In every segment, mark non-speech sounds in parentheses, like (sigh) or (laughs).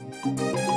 Thank you.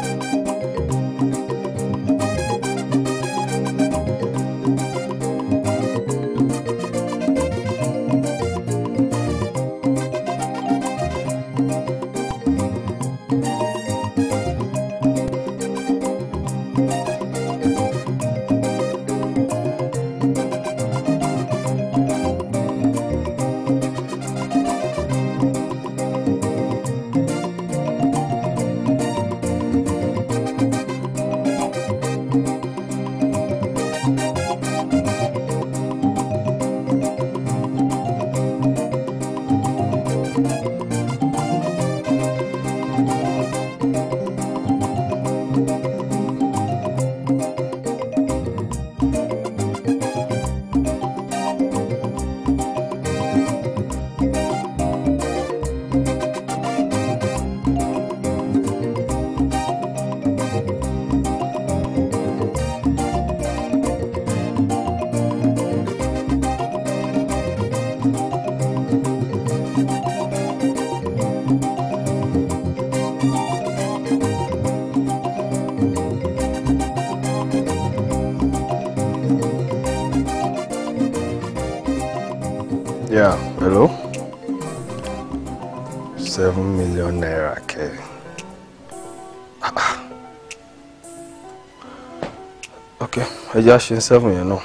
ẹja ṣe seven yẹn náà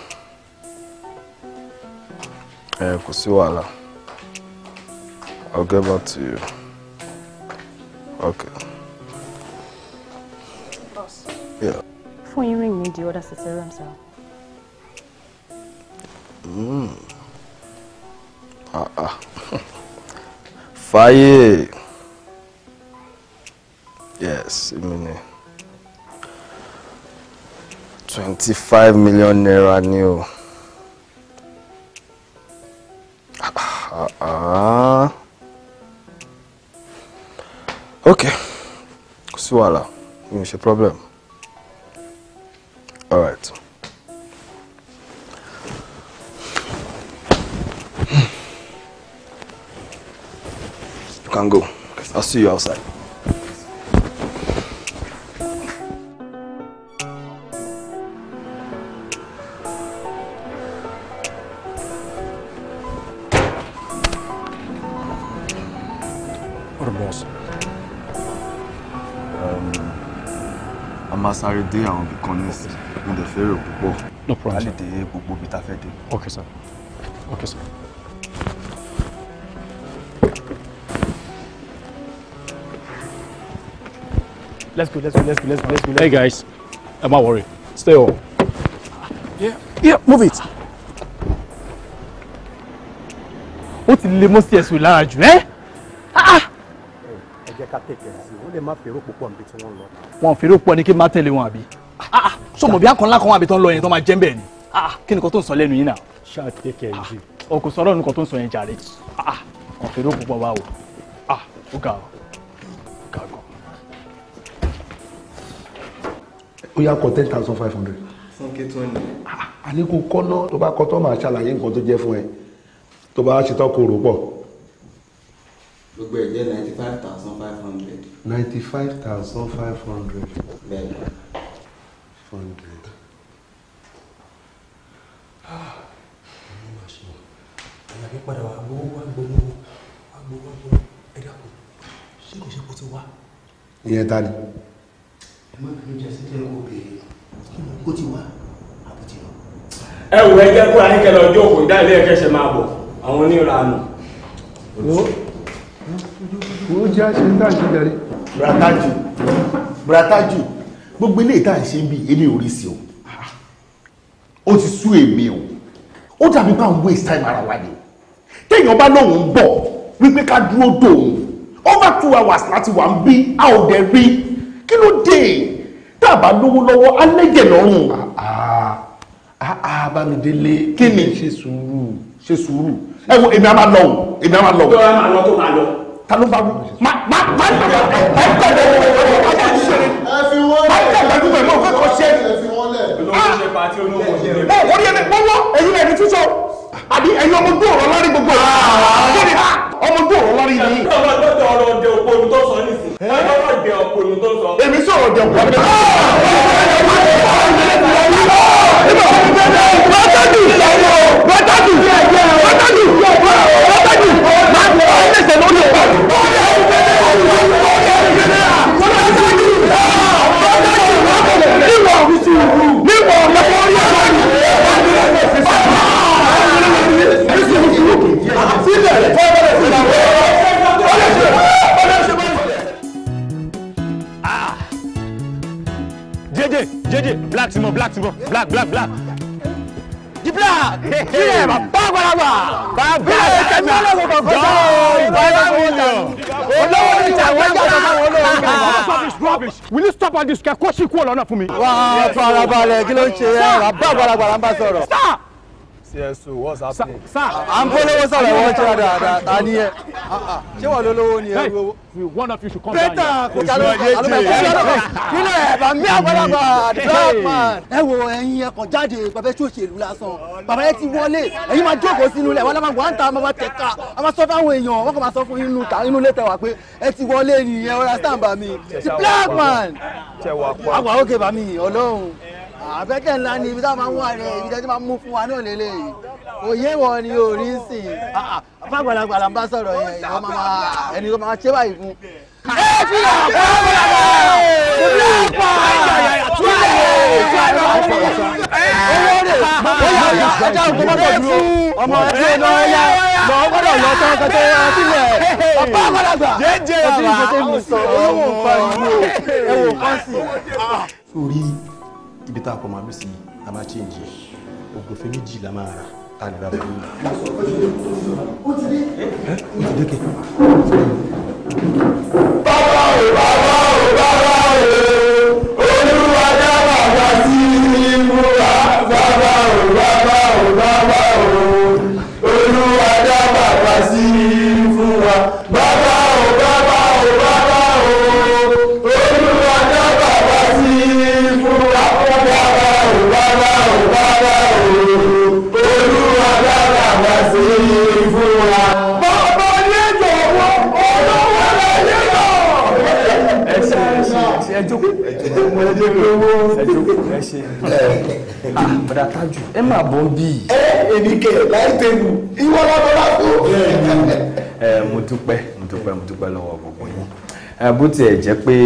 ẹ kò sí wàhálà I'll get back to you okay. Boss. Yeah. Before you ring me, do you order cesarean, sir? Mm. Ah, ah. (laughs) Fire. five million naira ni o. Ah, ah. ok kò sí wàhálà mi ò ṣe problem alright. You can go. I'll see you outside. sáré dé àwọn ibì kan nísìn mo dẹ̀ fẹ́ rò púpọ̀ no lè dé gbogbo ibi tá a fẹ́ dé. let's go let's go let's go let's go let's go. hey guys am I worried stay home. yeah yeah move it. ó the lè mọ́ sí Eh? tẹ̀tẹ̀ sí wọ́n lè má fèrò púpọ̀ níbi tí wọ́n lọ. wọn fèrò púpọ̀ ni kí n má tẹ̀lé wọn àbí. Ah, ah, sọmọ bí akọ̀ńlá kan wà bí tó ń lọ yẹn tó máa jẹ́ bẹ́ẹ̀ ni ah, kí ni kò tó ń sọ lẹ́nu yín náà. ṣáà tẹ̀kẹ̀ yìí. o kò sọ̀rọ̀ nǹkan tó ń sọ yẹn jàre wọn fèrò púpọ̀ wá o ó ga o ga gan. ó yà kọ ten thousand five hundred. fúnkẹ́ tó ní. àníkù kọ́ná tó bá kọ́ tó máa ṣàlàyé nǹkan tó jẹ́ fún ẹ tó bá ṣetán kó rò pọ̀ gbogbo ẹ̀ jẹ́ ninety five thousand five hundred. ninety five thousand five hundred. bẹ́ẹ̀ni. hundred. ọmọ máa ṣe wọn àyà mi padà wà gbowó wà gbowó wà gbowó wà gbowó ẹ dàpọ̀ ṣé kò ṣe kó ti wá. ìyẹn ta ni. ẹ má bínú jẹ sí jẹ́ kó béèrè kí ló kó ti wá àbújá lọ. ẹ wù ẹ jẹ́ kó ayé kẹlẹ́ ọjọ́ òkú ìdá ilé ẹ̀kẹ́ ṣe máa bọ̀ àwọn onírànù ó jẹ́ àṣẹ ń tàǹtì jàre. brataju, brataji gbogbo ilé ìta ìṣe bíi èmi ò rí sí o ó ti sú èmi o ó dàbí bá ń waste time ara wa ni téèyàn bá lóun ń bọ̀ wípé ká dúró dòun over two hours láti wà ń bí a ò dẹ̀ rí kí ló dé tá a bá lówó lọ́wọ́ á lẹ́jẹ̀ lọ́rùn. àá ah, ah, ah, bámidélé kí ni ṣe sùúrù ṣe sùúrù ẹ wo èmi á máa lọ o èmi á máa lọ o. tó o máa lọ tó máa lọ ta ló bá wú má má má tẹ̀lé ẹ tẹ̀lé ọjà ìṣẹ̀lẹ̀ má tẹ̀lé ẹdúgbò ẹ̀mọ́ òfé kan ṣe. ẹ orí ẹni wọ́wọ́ ẹ̀yin ẹni túnṣọ àbí ẹ̀yin ọmọ ojú ọ̀rọ̀ lórí gbogbo ẹ̀ ọmọ ojú ọ̀rọ̀ lórí yìí. ọmọ ọjọ́ ọ̀rọ̀ ọ̀dẹ̀ òponu tó sọ nísìn ọmọ ọ̀dẹ̀ òponu tó sọ. èmi sọ̀rọ̀ ọ̀dẹ̀ òponu tó sọ. bọ́tàdù bọ́tàdù bọ́tàdù bọ́tàdù bọ́tàdù ó lè pàdé. pa disc kẹ kó sì kúrò fún mi. wà á kí ló ń ṣe ẹ bá àgbàlagbà ń bá sọ̀rọ̀. star CSO ah, ah. what's happening. sir à ń polówó sọ̀rọ̀ ìwọ́n ṣe dáadáa ta ni ẹ ah, ṣé wọ́n lólówó ni ẹ lówó. one of you should come down here. peter kò jalọ alùpàá kílẹ̀ ẹ̀bà mi àgbàlagbà drag man. ẹ wo ẹ̀yin ẹkọ jáde bàbá tí òṣèlú lásán bàbá yẹn ti wọlé ẹ̀yin máa jókòó sínú ilẹ̀ wọn lọ́mọ àwọn àǹtà máa tẹ̀ka a máa sọ fáwọn èèyàn wọn kò máa sọ fún inú ta inú ilé tẹwà pé ẹ ti wọlé nìyẹn ọ̀rẹ́ àtàǹbà mi ti black man. àwa òkè bàmí ọlọ́run àbẹ́tẹ̀ ńlá ni ibi tá a máa ń wà rẹ̀ ibi tẹ́tí máa ń mú fún wa náà lélẹ̀ yìí òye wọn ni ò rí sí i fàgbàlagbà là ń bá sọ̀rọ̀ yẹn ìwọ máa ẹni tó máa ṣe báyìí fún. ẹ fi hàn fàgbàlagbà ìlú ìpà ìtúlẹ̀ ìtúlẹ̀ olórí bóyá ọ̀yà ẹja ògbómọ̀tò dúró ọmọ ẹtí ọ̀nà ẹ̀yà lọ gbọ́dọ̀ lọ tán kẹtẹ sílẹ̀ ọ̀pá àgbàlagbà jẹ́jẹ́ àrà ọ̀sìn ìfẹ́tẹ́ mi sọ ọ̀rọ̀ wọn fa ìlú ẹ̀wọ̀n kan sí ibi tá a kọ màálù sí la máa ṣe ń ògùnfẹ́ méjì la máa rà tá a lè ra màálù. ó ti dé bàbá ò jókòó ẹ ṣe àbàdà ah, tájù ẹ máa bọ́ bí. ẹ èmi kẹ láì tẹnu ìwọ lọ́dọ̀ bá tó. ẹ mo dúpẹ́ mo dúpẹ́ mo dúpẹ́ lọ́wọ́ gbogbo yín bó tiẹ̀ jẹ́ pé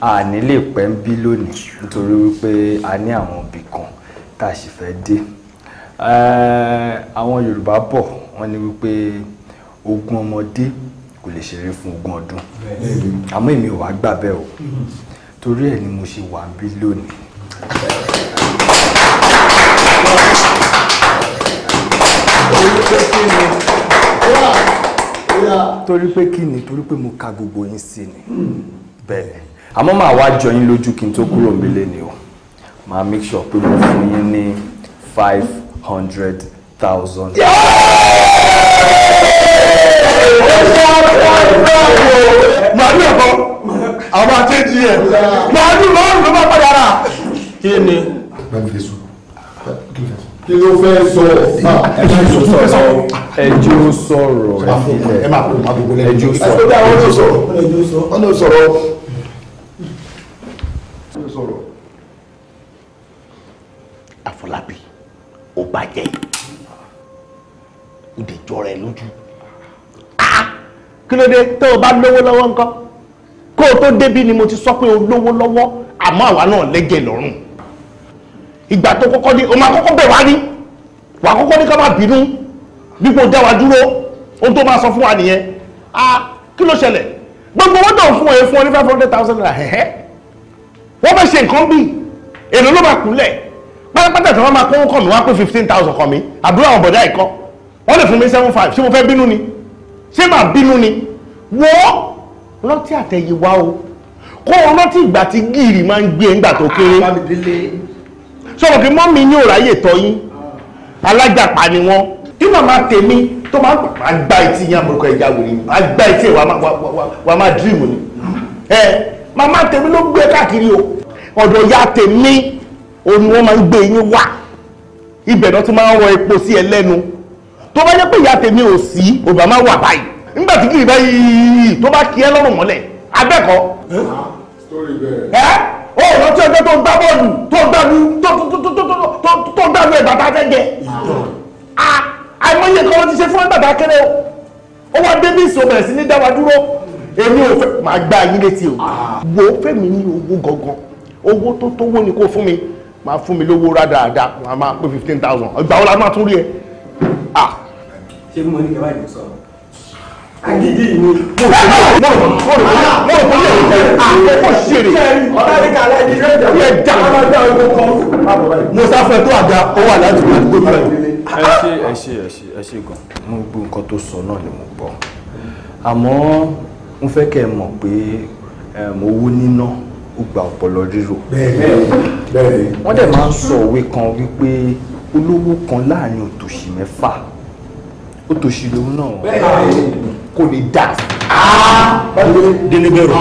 a ní lè pẹ́ ń bí lónìí nítorí wípé a ní àwọn ibì kan tá a sì fẹ́ dé àwọn Yorùbá bọ̀ wọ́n ní wípé ogún ọmọdé kò lè ṣeré fún ogún ọdún àmọ́ èmi ò wá gbà bẹ́ẹ̀ o mm-hmm. torí ẹ̀ ni mo ṣe wà bí lónìí torí pé kí ni torí pé mo ka gbogbo yín sí ni bẹ́ẹ̀ àmọ́ màá wá jọ yín lójú kí n tó kúrò nílé ni o màá make sure pé mo fún yín ní five hundred thousand. màá ní ọ̀kan àwọn àti ẹ̀jì ẹ̀ màá ní màá ní ló bá kí ni. kí ló fẹ́ sọ ah, ẹjọ́ sọ̀rọ̀ ẹjọ́ sọ̀rọ̀ ẹjọ́ sọ̀rọ̀ ẹjọ́ sọ̀rọ̀ ọ̀nà sọ̀rọ̀ sọ̀rọ̀. àfọlábí ó bàjẹ́ ó dé jọra ẹ lójú ah! kí ló dé tó o bá lówó lọ́wọ́ ńkọ́ kó o tó débí ni mo ti sọ pé o lówó lọ́wọ́ àmọ́ àwa náà lẹ́jẹ̀ lọ́rùn ìgbà tó kọ́kọ́ ní o máa kọ́kọ́ bẹ̀ wá ní wà kọ́kọ́ ní ká má bínú dípò dá wa dúró ohun tó máa sọ fún wa nìyẹn a kí ló ṣẹlẹ̀ gbogbo owó tó ń fún ẹ fún ọ ní five hundred thousand naira ẹ̀hẹ́ wọ́n fẹ́ ṣe nǹkan bí èrò ló máa kúnlẹ̀ pátápátá tí wọ́n máa kó kọ̀ mí wá pé fifteen thousand kọ̀ mí àbúrò àwọn bọ̀dá ìkọ́ wọ́n lè fún mi seven five ṣé mo fẹ́ bínú ni ṣé màá bínú ni wọ́ rántí àtẹ̀yìnwá o kó o rántí ìgbà tí gírì máa ń gbé nígbà tó kéré. sọ̀rọ̀ pé mi ní òráyè tọ́ yín alájàpá ni wọ́n tí màmá tèmi tó máa ń gba etí yín àmọ́kọ ẹja wò ni àgbà etí ẹ̀ máa ma ni ẹ màmá tèmi ló gbé káàkiri o ọ̀dọ̀ ya tèmi òun wọ́n máa ń gbé yín wá ibẹ̀ náà máa ń rọ epo sí ẹ lẹ́nu tó bá pé tèmi ò sí òbá máa wà báyìí nígbà tí ó rántí ọjọ́ tó gbá bọ́ọ̀lù tó gbàlú tó gbàlú ẹ̀ bàbá fẹ́ jẹ àìmọye kan wọ́n ti ṣe fún bàbá kéré o ó wá davis ó bẹ̀rẹ̀ sí ní dá wa dúró èmi ò fẹ́ máa gba yín létí o wo fẹ́mi ní owó gangan owó tó tówó ni kò fún mi máa fún mi lówó rádaràda máa pé fifteen thousand ìgbà wo la máa tún rí ẹ. ṣé mo ní kí ẹ bá yẹn sọ agídí ni mo rò mo rò mo rò pé yẹ kó ṣeré yẹ dá mo sáfẹ́ tó àga owó aláàjì máa gbé bẹ́ẹ̀. ẹ ṣe ẹ ṣe ẹ ṣe ẹ ṣe gan mo gbọ́ nǹkan tó sọ náà ni mo gbọ́ àmọ́ mo fẹ́ kẹ́ ẹ mọ̀ pé owó níná ó gba ọpọlọ ríro wọ́n dẹ̀ máa ń sọ òwe kan wípé olówó kan láàrin òtòṣì mẹ́fà òtòṣì lòun náà kò ní dà délébẹ̀rù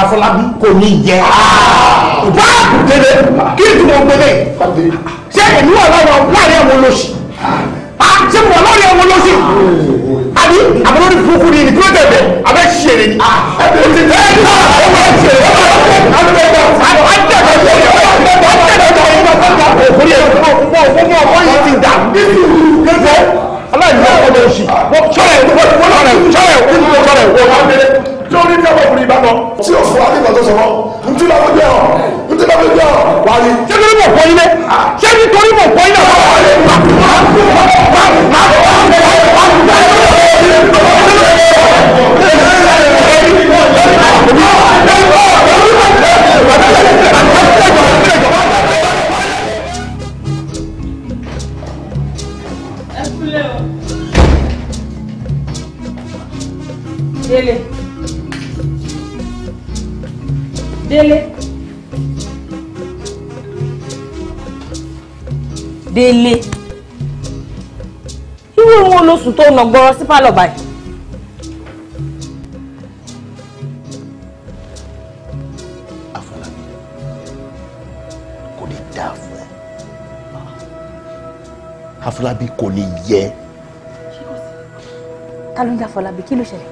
afọlábí kò ní yẹ wá délé kí ni mo gbélé ṣé èmi wà lọ́wọ́ láàrin àwọn olóṣì ṣé mo wà láàrin àwọn olóṣì àbí àbúrò fúnfún ni ìdúró tẹ̀lé abẹ́ ṣẹlẹ̀ ni ẹ̀ẹ́dẹ̀ ẹ̀ẹ́dẹ̀ ẹ̀ẹ́dẹ̀ ẹ̀ẹ́dẹ̀ ẹ̀ẹ́dẹ̀ ẹ̀ẹ́dẹ̀ ẹ̀ẹ́dẹ̀ ẹ̀ẹ́dẹ̀ ọmọ òsì sọ̀rọ̀ ìwọ sọ̀rọ̀ ìwọ sọ̀rọ̀ ìwọ sọ̀rọ̀ ìwọ wà mí lórí ní ọmọkùnrin ìbámu tí o fún wa ní ìgbàgbọ́ sọ̀rọ̀ ntí lọ́wọ́ jẹ́ ọ ntí lọ́wọ́ jẹ́ ọ wà ní. ṣé nítorí mọ̀ pọ́n ilé ṣé nítorí mọ̀ pọ́n ilé àwọn ọmọ rẹ̀ máa ń bá a ń bá a ń bá a ń bá a ń bá a ń bá délé irú ohun olóṣù tó nà gbọrọ sí pálọ̀ báyìí. àfọlábí kò lè dáa fún ẹ àfọlábí kò lè yẹ. ta ló ń jà àfọlábí kí ló ṣẹlẹ̀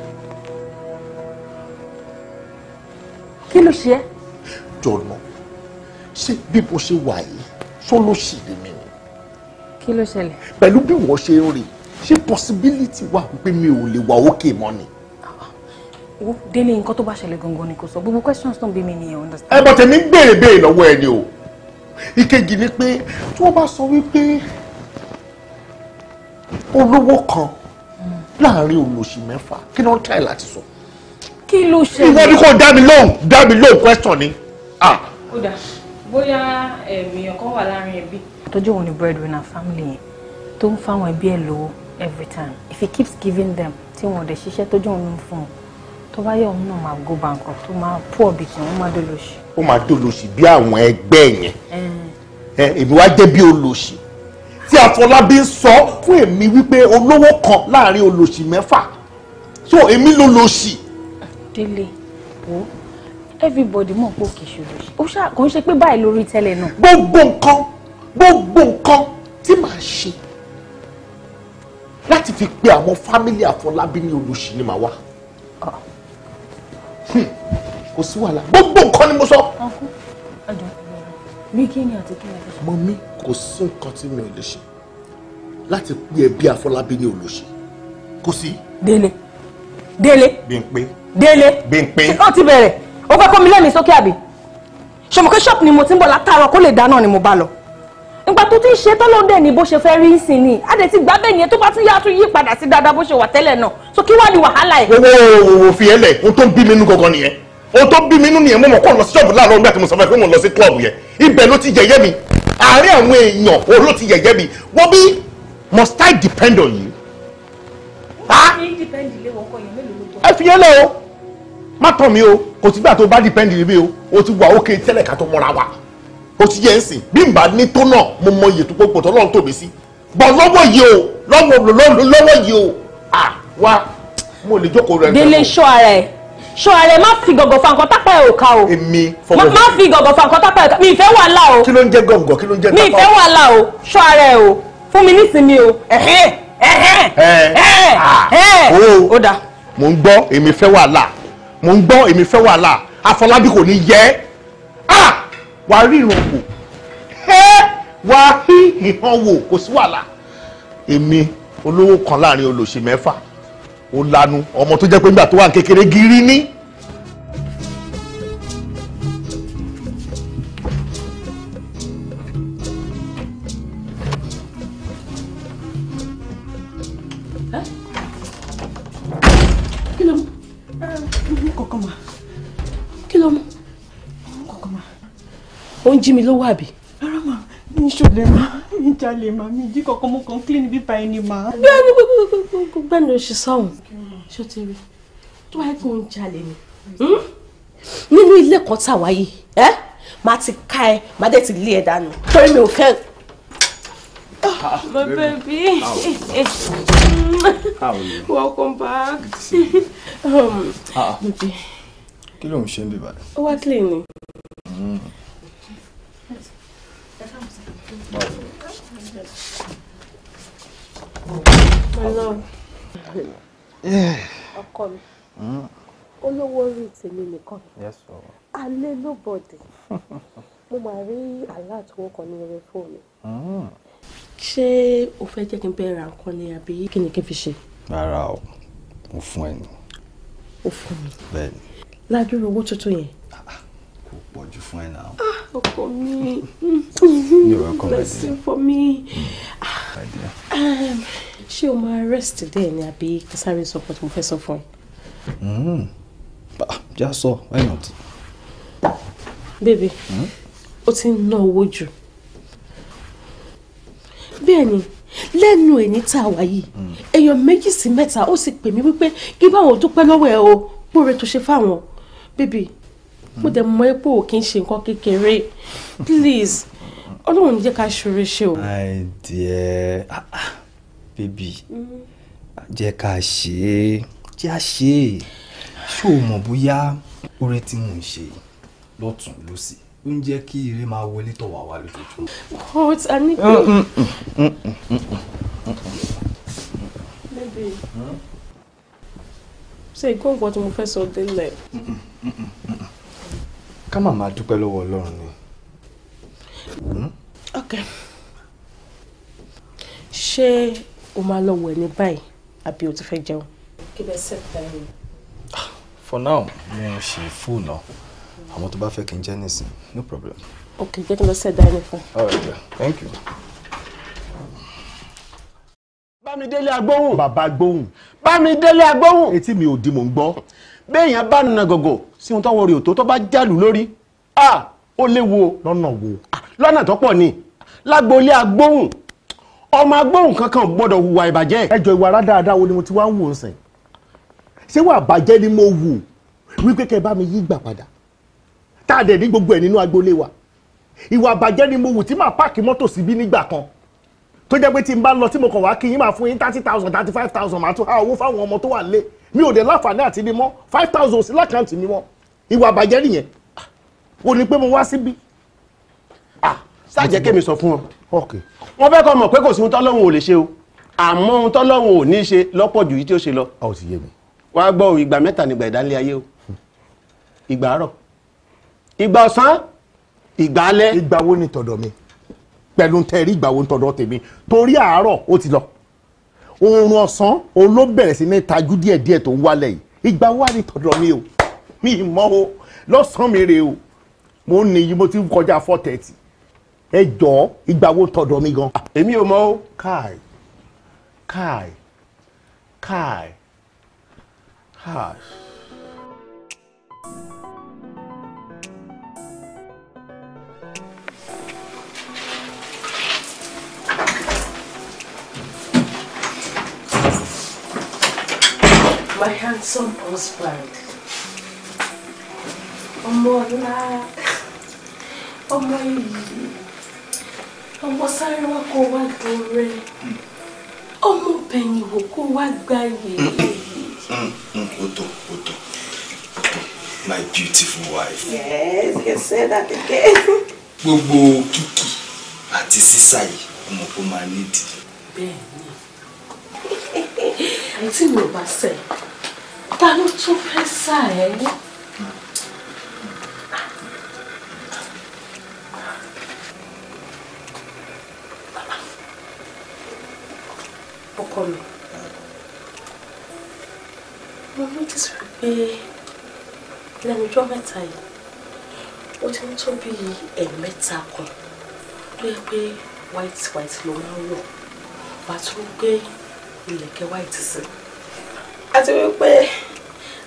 kí ló ṣe é. jọ̀nà ṣé bí mo ṣe wà yìí sọ́lọ́sì ni kí ló ṣẹlẹ̀. pẹ̀lú bí wọ́n ṣe ń rìn ṣé possibility wà pé mi ò lè wà ókè mọ́ ni. wo délé nǹkan tó bá ṣẹlẹ̀ gangan ni kò sọ gbogbo questions tó ń bí mi nìyẹn understand. ẹ bọ̀ tèmi ń béèrè béèrè lọ́wọ́ ẹ ni o ìkejì ni pé tí wọ́n bá sọ wípé olówó kan láàrin olóṣì mẹ́fà kí ló ń tẹ̀ láti sọ. kí ló ṣẹlẹ̀. ìwọ ni kò dá mi lóhùn dá mi lóhùn question ni. kódà ah. bóyá eh, èèyàn kan wà láàrin ẹbí tó jẹ́ òun ni breadwinner family yẹn tó ń fáwọn ẹbí ẹ̀ lówó every time if he keeps giving them tí wọn ò dẹ̀ ṣiṣẹ́ tó jẹ́ òun ń fún un tó bá yẹ òun náà máa go bankrupt tó máa poor bìtì òun máa dolóṣì. ó máa dolóṣì bí àwọn ẹgbẹ́ yẹn eh. Eh, èmi wá jẹ́ bí olóṣì tí àfọlábí ń sọ fún èmi wípé olówó kan láàrin olóṣì mẹ́fà so èmi ló lóṣì. délé wo everybody mọ̀ pé òkè ṣòro ṣe ó ṣáà kò ń ṣe pé báyìí lórí tẹ́lẹ̀ náà. gbogbo nǹkan gbogbo nǹkan tí màá ṣe láti fi pe àwọn fámílì àfọlábí ní olùsí ni màá wà ah. hmm. kò sí wàhálà gbogbo nǹkan ni mo sọ. mi kí ni àti kí ni àti sọ. mo mi kò sí nǹkan tí mi ò lè ṣe láti pe ẹbí àfọlábí ní olùsí kò sí. délé délé. bí délé. ó ti bẹ̀rẹ̀ o fẹ́ kó mi lẹ́mìí sókè àbí ṣòmùkẹ́ ṣọ́ọ̀pù ni mo ti ń bọ̀ látàárọ̀ kó lè dáná ni mo bá lọ nípa tó ti ń ṣe tọ́lọ́hún dẹ̀ ní bó ṣe fẹ́ rí sí ni a dẹ̀ ti gbà bẹ́ẹ̀ yẹn tó bá tún yá tún yí padà sí dáadáa bó ṣe wà tẹ́lẹ̀ náà so kí wàá ní wàhálà ẹ̀. owó òfin ẹlẹ o tó ń bí mi nú gangan nìyẹn o tó ń bí mi nú nìyẹn mo mọ̀ kó lọ sí ṣọ́ọ̀bù láàárọ̀ nígbà tí mo sọ fẹ́ pé mo lọ sí club yẹn ibẹ̀ ló ti yẹ̀yẹ́ mi àárín àwọn èèyàn o ló ti yẹ̀yẹ́ mi wọ́n bí must I depend on you. Ah! ẹ fi ẹlẹ o má tọ̀ mi o kò sígbà tó bá depend lé mi o o ti wà ókè tẹ́lẹ̀ ká tó mọ́ra wa ó ti yẹ ń sìn bí n bá ní tó náà mo mọ iye tó pọ̀ tó lọ́run tòbí sí bọ̀ lọ́wọ́ yìí o lọ́wọ́ lọ́wọ́ yìí o à wá mo lè jókòó rẹ̀. délé ṣọ́ ara ẹ̀ ṣọ́ ara ẹ̀ má fi gọ̀gọ̀ fa nǹkan tápá ẹ̀ ò ká o. èmi fọwọ́ mi má fi gọ̀gọ̀ fa nǹkan tápá ẹ̀ ò ká mi ìfẹ́ wà lá o. kí ló ń jẹ́ gọ̀ǹgọ̀ kí ló ń jẹ́ tápá. mi ìfẹ́ wà lá o ṣọ́ ara o fún mi nísìnyí o. ẹ̀hẹ́ ẹ̀hẹ́ ẹ̀hẹ́ ẹ̀hẹ́ ó dáa. mo ń gbọ́ èmi fẹ́ wà lá mo ń gbọ́ èmi fẹ́ wà lá Afọlábí kò ní yẹ ah wà á rí ìran wò ẹ́ wà á rí ìran wò kò sí wàhálà èmi olówó kan láàrin olóṣì ó lanu ọmọ tó jẹ́ pé nígbà tó wà kékeré gírí ní ó ń jí mi lówó àbí. rárá mà mi ìṣòlè mà mi jalè mà mi jí kankan mo kàn clean bíbá ẹni mà. gbẹ́ni ló ṣe sọ̀hún ṣó ti rí tó wáyé kó ń jalè ni hmm? nínú ilé kan tàwa yìí ẹ máa ti ká ẹ máa dẹ̀ ti lé ẹ dànù torí mi ò fẹ́. Ah, My baby. How are you? Welcome back. (laughs) um, ah, ah. Baby. Kí ló ń ṣe ń bí báyìí? Ó wá clean ni. Hmm. ọkọ mi hmm? olówó orí tèmi nìkan alẹ́ ló bọ̀dẹ̀ mo máa rí aláàtúwọ̀ kan ní orí fóònù hmm. ṣé o fẹ́ jẹ́ kí n bẹ̀rẹ̀ nǹkan ni àbí kí ni kí n fi ṣe. rárá o mo fún ẹ ní. o fún mi. bẹ́ẹ̀ni. ládùúrú owó tuntun yẹn ah, ah pọ̀ jù fún ẹ náà. Ah, (laughs) for me. you're welcome blessing for me. ṣé o my rest today ni àbí sáré sọ pé mo fẹ́ sọ fún ẹ. Mm. Ah, já sọ why not. bébè mm? ó ti ń ná owó jù bẹ́ẹ̀ ni lẹ́nu ẹ̀ ní tá a wà yìí mm. èèyàn méjì sí mẹ́ta ó sì pè mí wípé kí báwọn dúpẹ́ lọ́wọ́ ẹ o pòore tó ṣe fáwọn bébì mo dẹ̀ mọ̀ ẹ́ ò kí ń ṣe nǹkan kékeré please ọlọ́run jẹ́ ká ṣoore ṣe o. my dear ah ah baby mm. jẹ́ ká ṣe é jẹ́ à ṣe é ṣé o mọ̀ bóyá oore tí mò ń ṣe lọ́tún lọ́sì ó ń jẹ́ kí ire máa wọlé tọ̀ wá wá lójoojúmọ́. but i need to. baby ṣe ìgbọ́ǹkan tí mo fẹ́ sọ délẹ̀ ká má máa dúpẹ́ lọ́wọ́ ọlọ́run ni. Hmm? ok ṣé o máa lọ wẹ̀ ní báyìí àbí o ti fẹ́ jẹun. kí bẹ́ẹ̀ sẹ́ẹ̀ tẹ̀lé. for now mo ń ṣe fún náà àmọ́ tó bá fẹ́ kí n jẹ́ nísìn no problem. ok jẹ́ kí n lọ sẹ́ẹ̀ dání fún. all yeah. thank you. bámidélé agbóhùn. bàbá agbóhùn. bámidélé agbóhùn. etí mi ò di mò ń gbọ́ béèyàn bá nà gògò sí ohun táwọn rè tó tó bá jálù lórí a ó léwu lọ́nà wo lọ́nà tó pọ̀ ni lágboolé agbóhùn ọmọ agbóhùn kankan gbọ́dọ̀ hùwà ìbàjẹ́. ẹjọ ìwà rádáadáa wo ni mo ti wá ń wò ó sìn ṣé wà bàjẹ́ ni mo wù wípé kẹ́ ẹ bá mi yí gbà padà tá a dẹ̀ ní gbogbo ẹ̀ nínú agboolé wa ìwà bàjẹ́ ni mo wù tí màá páàkì mọ́tò síbí nígbà kan tó jẹ́ pé tí n bá lọ tí mo kàn wá kí yín máa fún yín thirty thousand thirty five thousand màá tún há owó fáwọn ọmọ tó wà lé mi ò dé láǹfààní àti ní mọ́ five thousand sí lákàntì mi mọ́ ìwà àbàjẹ́ nìyẹn wò ni pé mo wá síbí. sáàjẹ́ kémi sọ fún ọ wọ́n fẹ́ kọ́ mọ̀ pé kò sí ohun tọ́lọ́hún ò lè ṣe o àmọ́ ohun tọ́lọ́hún ò ní í ṣe lọ́pọ̀ ju yìí tí ó ṣe lọ. a ò sì yé mi. wàá gbọ́ ìgbà mẹ́ta nígbà ìdálẹ́ ayé o ìgbà àárọ̀ ìgbà ọ̀sán ìgbà alẹ́. ìgbà wo ni tọ̀dọ̀ mi pẹ̀lú tẹ̀rí ìgbà wo ni tọ̀dọ̀ tèmi torí àárọ̀ ó ti lọ oorun ọ̀sán òun ló bẹ̀rẹ̀ sí ní tajú díẹ̀díẹ̀ tó ń wálẹ̀ yìí ìgbà wà ní tọ̀dọ̀ mi o mi ì mọ́ o lọ́sàn-án mi rè o mo ní yìí mo ti kọjá four thirty ẹ jọ ìgbà wo tọ̀dọ̀ mi gan. èmi ò mọ o. káì káì káì háàsì. my handsome husband. Ọmọ ńlá, ọmọ iyì, ọmọ sáré wá kó wá dore, ọmọ bẹ̀yìn wò kó wá gbáyé. O tó, o my beautiful wife. Yes, you say that again. Gbogbo Kiki, àti sísá yìí, ọmọ kò máa nídìí. Bẹ́ẹ̀ni, àìtí mi ò bá sẹ́yìn ta ló tún hein? sà ẹ́. ọkọ mi mo notice pé lẹ́nu ọjọ́ aí, o ó ti ń é bí ẹ̀ẹ̀mẹ́ta kan tó white white ló máa ń ele wàá tún white sí àti wípé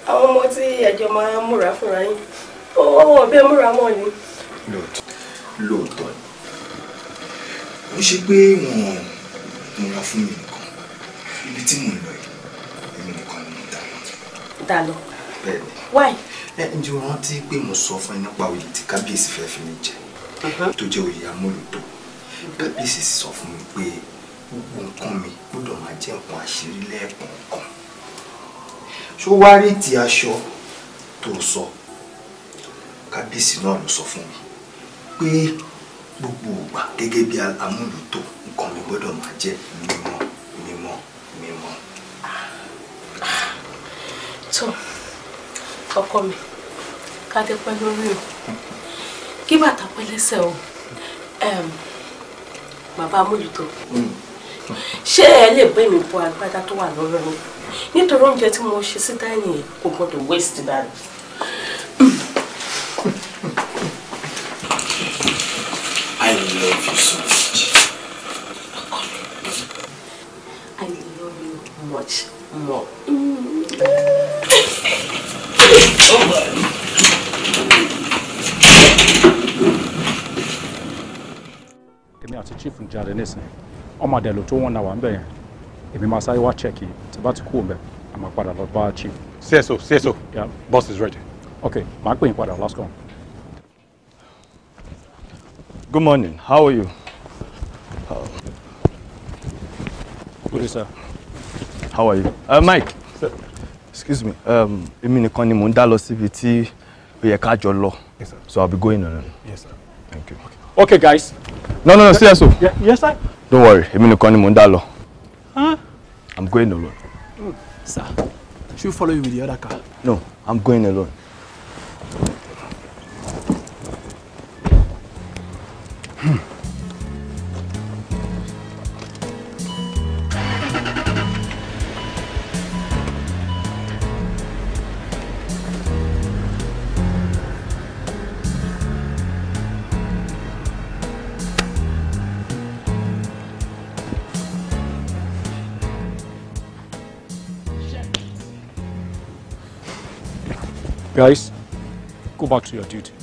àwọn ọmọ tí ẹjọ máa ń múra fúnra yín owó wọn bẹ́ẹ̀ múra mọ́ ni. lóòótọ́ ni ó ṣe pé wọ́n múra fún mi nìkan ibi tí mò ń lọ yìí èmi nìkan ni mo dá lọ. dá lọ. bẹ́ẹ̀ni. wáyé ǹjẹ́ o rántí pé mo sọ fún ẹ nípa oyè tí kábíyèsí fẹ́ fi mí jẹ uh-huh. tó jẹ́ oyè amúlùtò kábíyèsí sọ fún mi pé gbogbo nǹkan mi gbọ́dọ̀ máa jẹ́ nǹkan àṣírí lẹ́ẹ̀kọ̀ọ̀kan ṣó wá rí ti aṣọ tó sọ kábíyèsí náà ló sọ fún mi pé gbogbo ìgbà gẹ́gẹ́ bí amúlùtò nǹkan mi gbọ́dọ̀ máa jẹ́ mímọ́ mímọ́ mímọ́. tó ọkọ mi ká dé pẹ́ lórí o kí bàtà pẹ́ lẹ́sẹ̀ o bàbá amúlùtò. Hmm ṣé ẹ lè bẹ́ mi bọ agbádá tó wà lọ́rọ̀ mi nítorí oúnjẹ tí mo ṣe sí dáìnì kò gbọdọ̀ waste dànù. I love you so much. I love you much more. oh my. èmi àti chief ń jáde nísìnyí ọmọ àdẹ̀lò tó wọ́n na wà ń bẹ̀ yẹn èmi máa sáré wá chẹ́ẹ̀kì tí bá ti kú òun a máa padà lọ bá chief. CSO CSO yeah. boss is ready. okay màá pè yín padà last call. good morning how are you. good day sir. how are you. Uh, Mike excuse me um, èmi nìkan ni mò ń dá lọ síbi tí ó yẹ ká jọ lọ so I'll be going on. yes sir. thank you. okay, okay guys. no no no CSO. Yeah, yes sir don't worry I'm nìkan ni mò ń dá lọ. i'm going alone. Oh, sir should we follow you with the other car. no i'm going alone. Hmm. Guys, go back to your duty.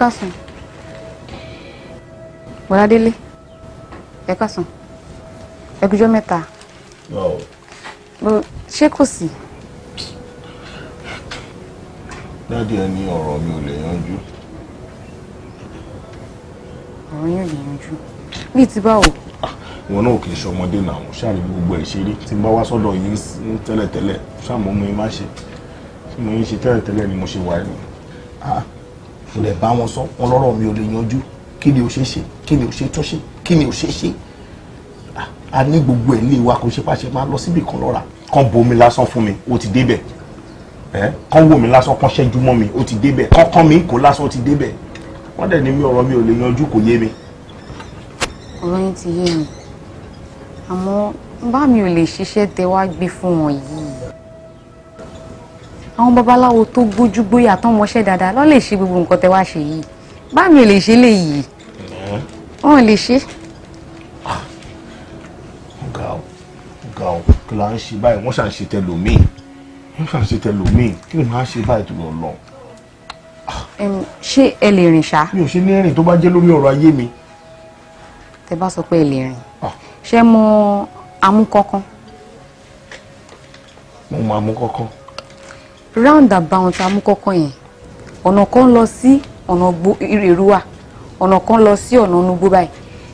káàsán bọ́ládélé ẹ káàsán ẹ kújọ́ mẹ́ta ṣé kò sí. dáàdi ẹ ní ọ̀rọ̀ mi ò lè yanjú. ọ̀rọ̀ yóò lè yanjú bíi ti báwo. Ah, ìwọ náà kì í ṣọmọdé náà àwọn ṣáà ní gbogbo ẹ̀ ṣeré tí n bá wá sọ́dọ̀ yìí ń tẹ́lẹ̀tẹ́lẹ̀ ṣáà mo mú yín má ṣe tí mo yín ṣe tẹ́lẹ̀tẹ́lẹ̀ ni mo ṣe wà ní mo lè bá wọn sọ wọn lọ́rọ̀ mi ò lè yanjú kí ni o ṣe ṣe kí ni o ṣe tún ṣe kí ni o ṣe ṣe a ní gbogbo ẹ̀ lé wa kò ṣe pàṣẹ máa lọ síbì kan lọ́ra kan bomi lásán fún mi o ti débẹ̀ ẹ kán wò mí lásán kán ṣẹ́jú mọ́ mi ó ti débẹ̀ kán kán mi kò lásán ó ti débẹ̀ wọ́n dẹ̀ ní mi ọ̀rọ̀ mi ò lè yanjú kò yé mi. ọ̀rọ̀ yín ti yé mi àmọ́ bá mi ò lè ṣiṣẹ́ tẹ wá gbé fún wọn yìí àwọn babaláwo tó gbójú gbóyà tán mọṣẹ́ dáadáa ló lè ṣe gbogbo nǹkan tẹ́ wá ṣe yìí bá mi lè ṣe lè yìí wọn lè ṣe. Ah, ọ̀gá o ọ̀gá o kí ló ń ṣe báyìí wọ́n ṣàǹṣe tẹlòmíì wọ́n ṣàǹṣe tẹlòmíì kí ni wọ́n á ṣe báyìí tó lọ lọ. Ah. ṣé ẹ lè rìn ṣá. mi ò ṣe ní rìn tó bá jẹ́ lórí ọ̀rọ̀ ayé mi. tẹ́ bá sọ pé ẹ lè rìn ah. ṣé mo amú kankan. mo mọ amú kankan round about amúkọ́kọ́ yẹn ọ̀nà kan lọ sí ọ̀nà ìrèrúwà ọ̀nà kan lọ sí ọ̀nà onúgbó báyìí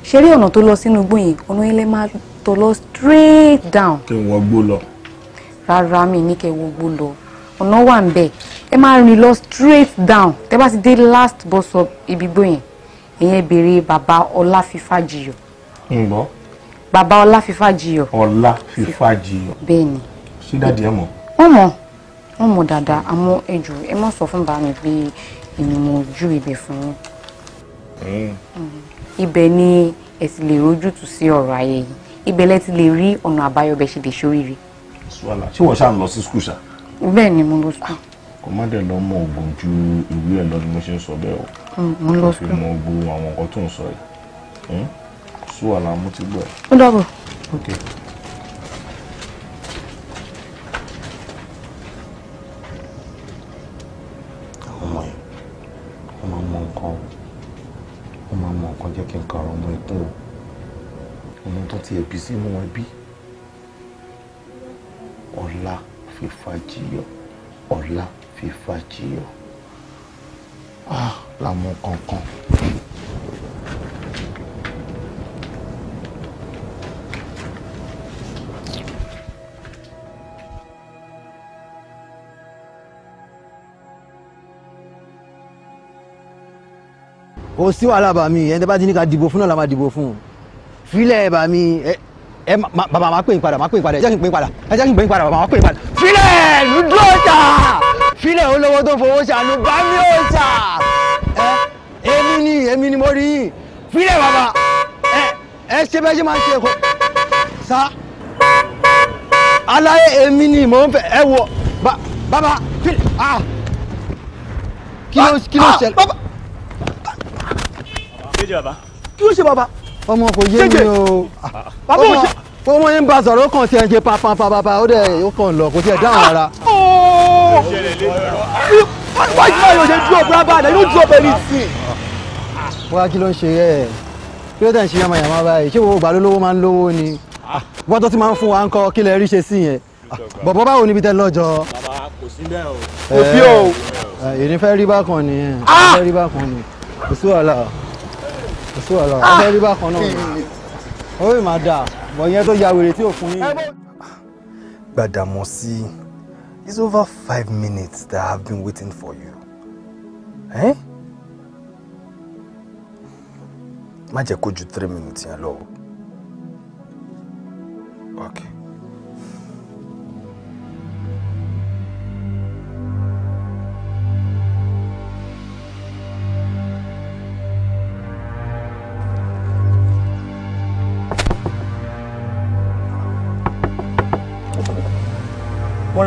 ṣe rí ọ̀nà tó lọ sínú igbó yẹn ọ̀nà ilẹ̀ máa tọ̀ lọ straight down. kí wọ́n gbó lọ. rárá mi ní kẹ́ wọ́n gbó lọ ọ̀nà wà ń bẹ̀ ẹ máa rìn lọ straight down tẹ́ bá ti dé last bus stop ibi igbó yẹn ìyẹn béèrè bàbá ọláfífàjìyọ. ǹgbọ́. bàbá ọláfífàjìyọ. ọláfífàjìyọ. bẹ́ẹ̀ ni. ṣé dáàdi ẹ mọ̀. wọ́n mọ̀ wọ́n mọ̀ dáadáa àmọ́ ẹ jù ẹ má sọ fún bàá mi pé èmi mo ju ibẹ̀ fún yín. Hmm. Hmm. ibẹ̀ ni ẹ ti lè rójútùú sí ọ̀rọ̀ ayé yìí ibẹ̀ lẹ ti lè rí ọ̀nà àbáyọ bẹ́ẹ̀ ṣe lè ṣoríire. ṣé wọ́n ṣáà ń lọ sí skul ṣá. bẹ́ẹ̀ ni mo lọ skul. kò má dẹ̀ lọ mọ oògùn ju ìwé ẹ̀ lọ ni mo ṣe ń sọ bẹ́ẹ̀ o. Hmm, mo lọ skul. mo fi mọ gbogbo àwọn nǹkan tó ń sọ yìí. sùwàlà mo ti gbọ́ ẹ̀. ó dàbọ̀. máa mọ nǹkan ó máa mọ nǹkan jẹ́ kí n kàrọ̀ ọmọ ẹ̀kún o ọmọ tó ti ẹ̀bí sínú ẹbí ọ̀la fífa jíyọ̀ ọ̀la fífa jíyọ̀ ah làwọn kankan. kò sí wàhálà bá mi ẹni bá ti ní ká dìbò fún náà la máa dìbò fún filẹ̀ bá mi ẹ ẹ bàbá máa pè ń padà máa pè ń padà ẹ jẹ́ kí n pè ń padà ẹ jẹ́ kí n pè ń padà bàbá máa pè ń padà filẹ̀ lùdú ọ̀tà filẹ̀ olówó tó fowó ṣàánú bá mi ọ̀tà ẹ èmi ni èmi ni mo rí yín filẹ̀ bàbá ẹ ẹ ṣe bẹ́ẹ̀ ṣe máa ń ṣe ẹ̀kọ́ sa aláyé èmi ni mò ń fẹ́ ẹ wọ bàbá filẹ̀ ah kí ló kí ló ṣẹlẹ̀ jẹjẹ bàbá. kí ló ṣe bàbá. ọmọ kò yé mi o ah, ah. bàbá ò ṣe. ọmọ yẹn ń bá sọ̀rọ̀ ó kàn sí ẹ̀ ṣe papapapa ó dẹ̀ ó kàn lọ kò tiẹ̀ dáhùn rárá. Oh! wáyé ló ń ṣe ẹ kí ló tẹ̀ ń ṣe yamayama báyìí ṣé gbogbo ìgbà lówó máa ń lówó ni bọ́tọ̀ ah. tí máa ń fún wa ń kọ́ kí lè rí ṣe sí yẹn bọ̀bọ̀ báwo níbi tẹ́ lọ́jọ́. kò sí bẹ́ẹ̀ o. kò o. Eh, eh, èyí fẹ́ rí bákan nìyẹn. fẹ́ rí bákan nìyẹn kò sí wàhálà kò sí ọ̀la ọ̀la rí bákan náà ó lè máa dà bọ̀ yẹn tó ya wèrè tí ò fún yín. Gbàdàmọ́sí it's over five minutes that I have been waiting for you. Eh? má jẹ́ kó ju three minutes yẹn lọ okay.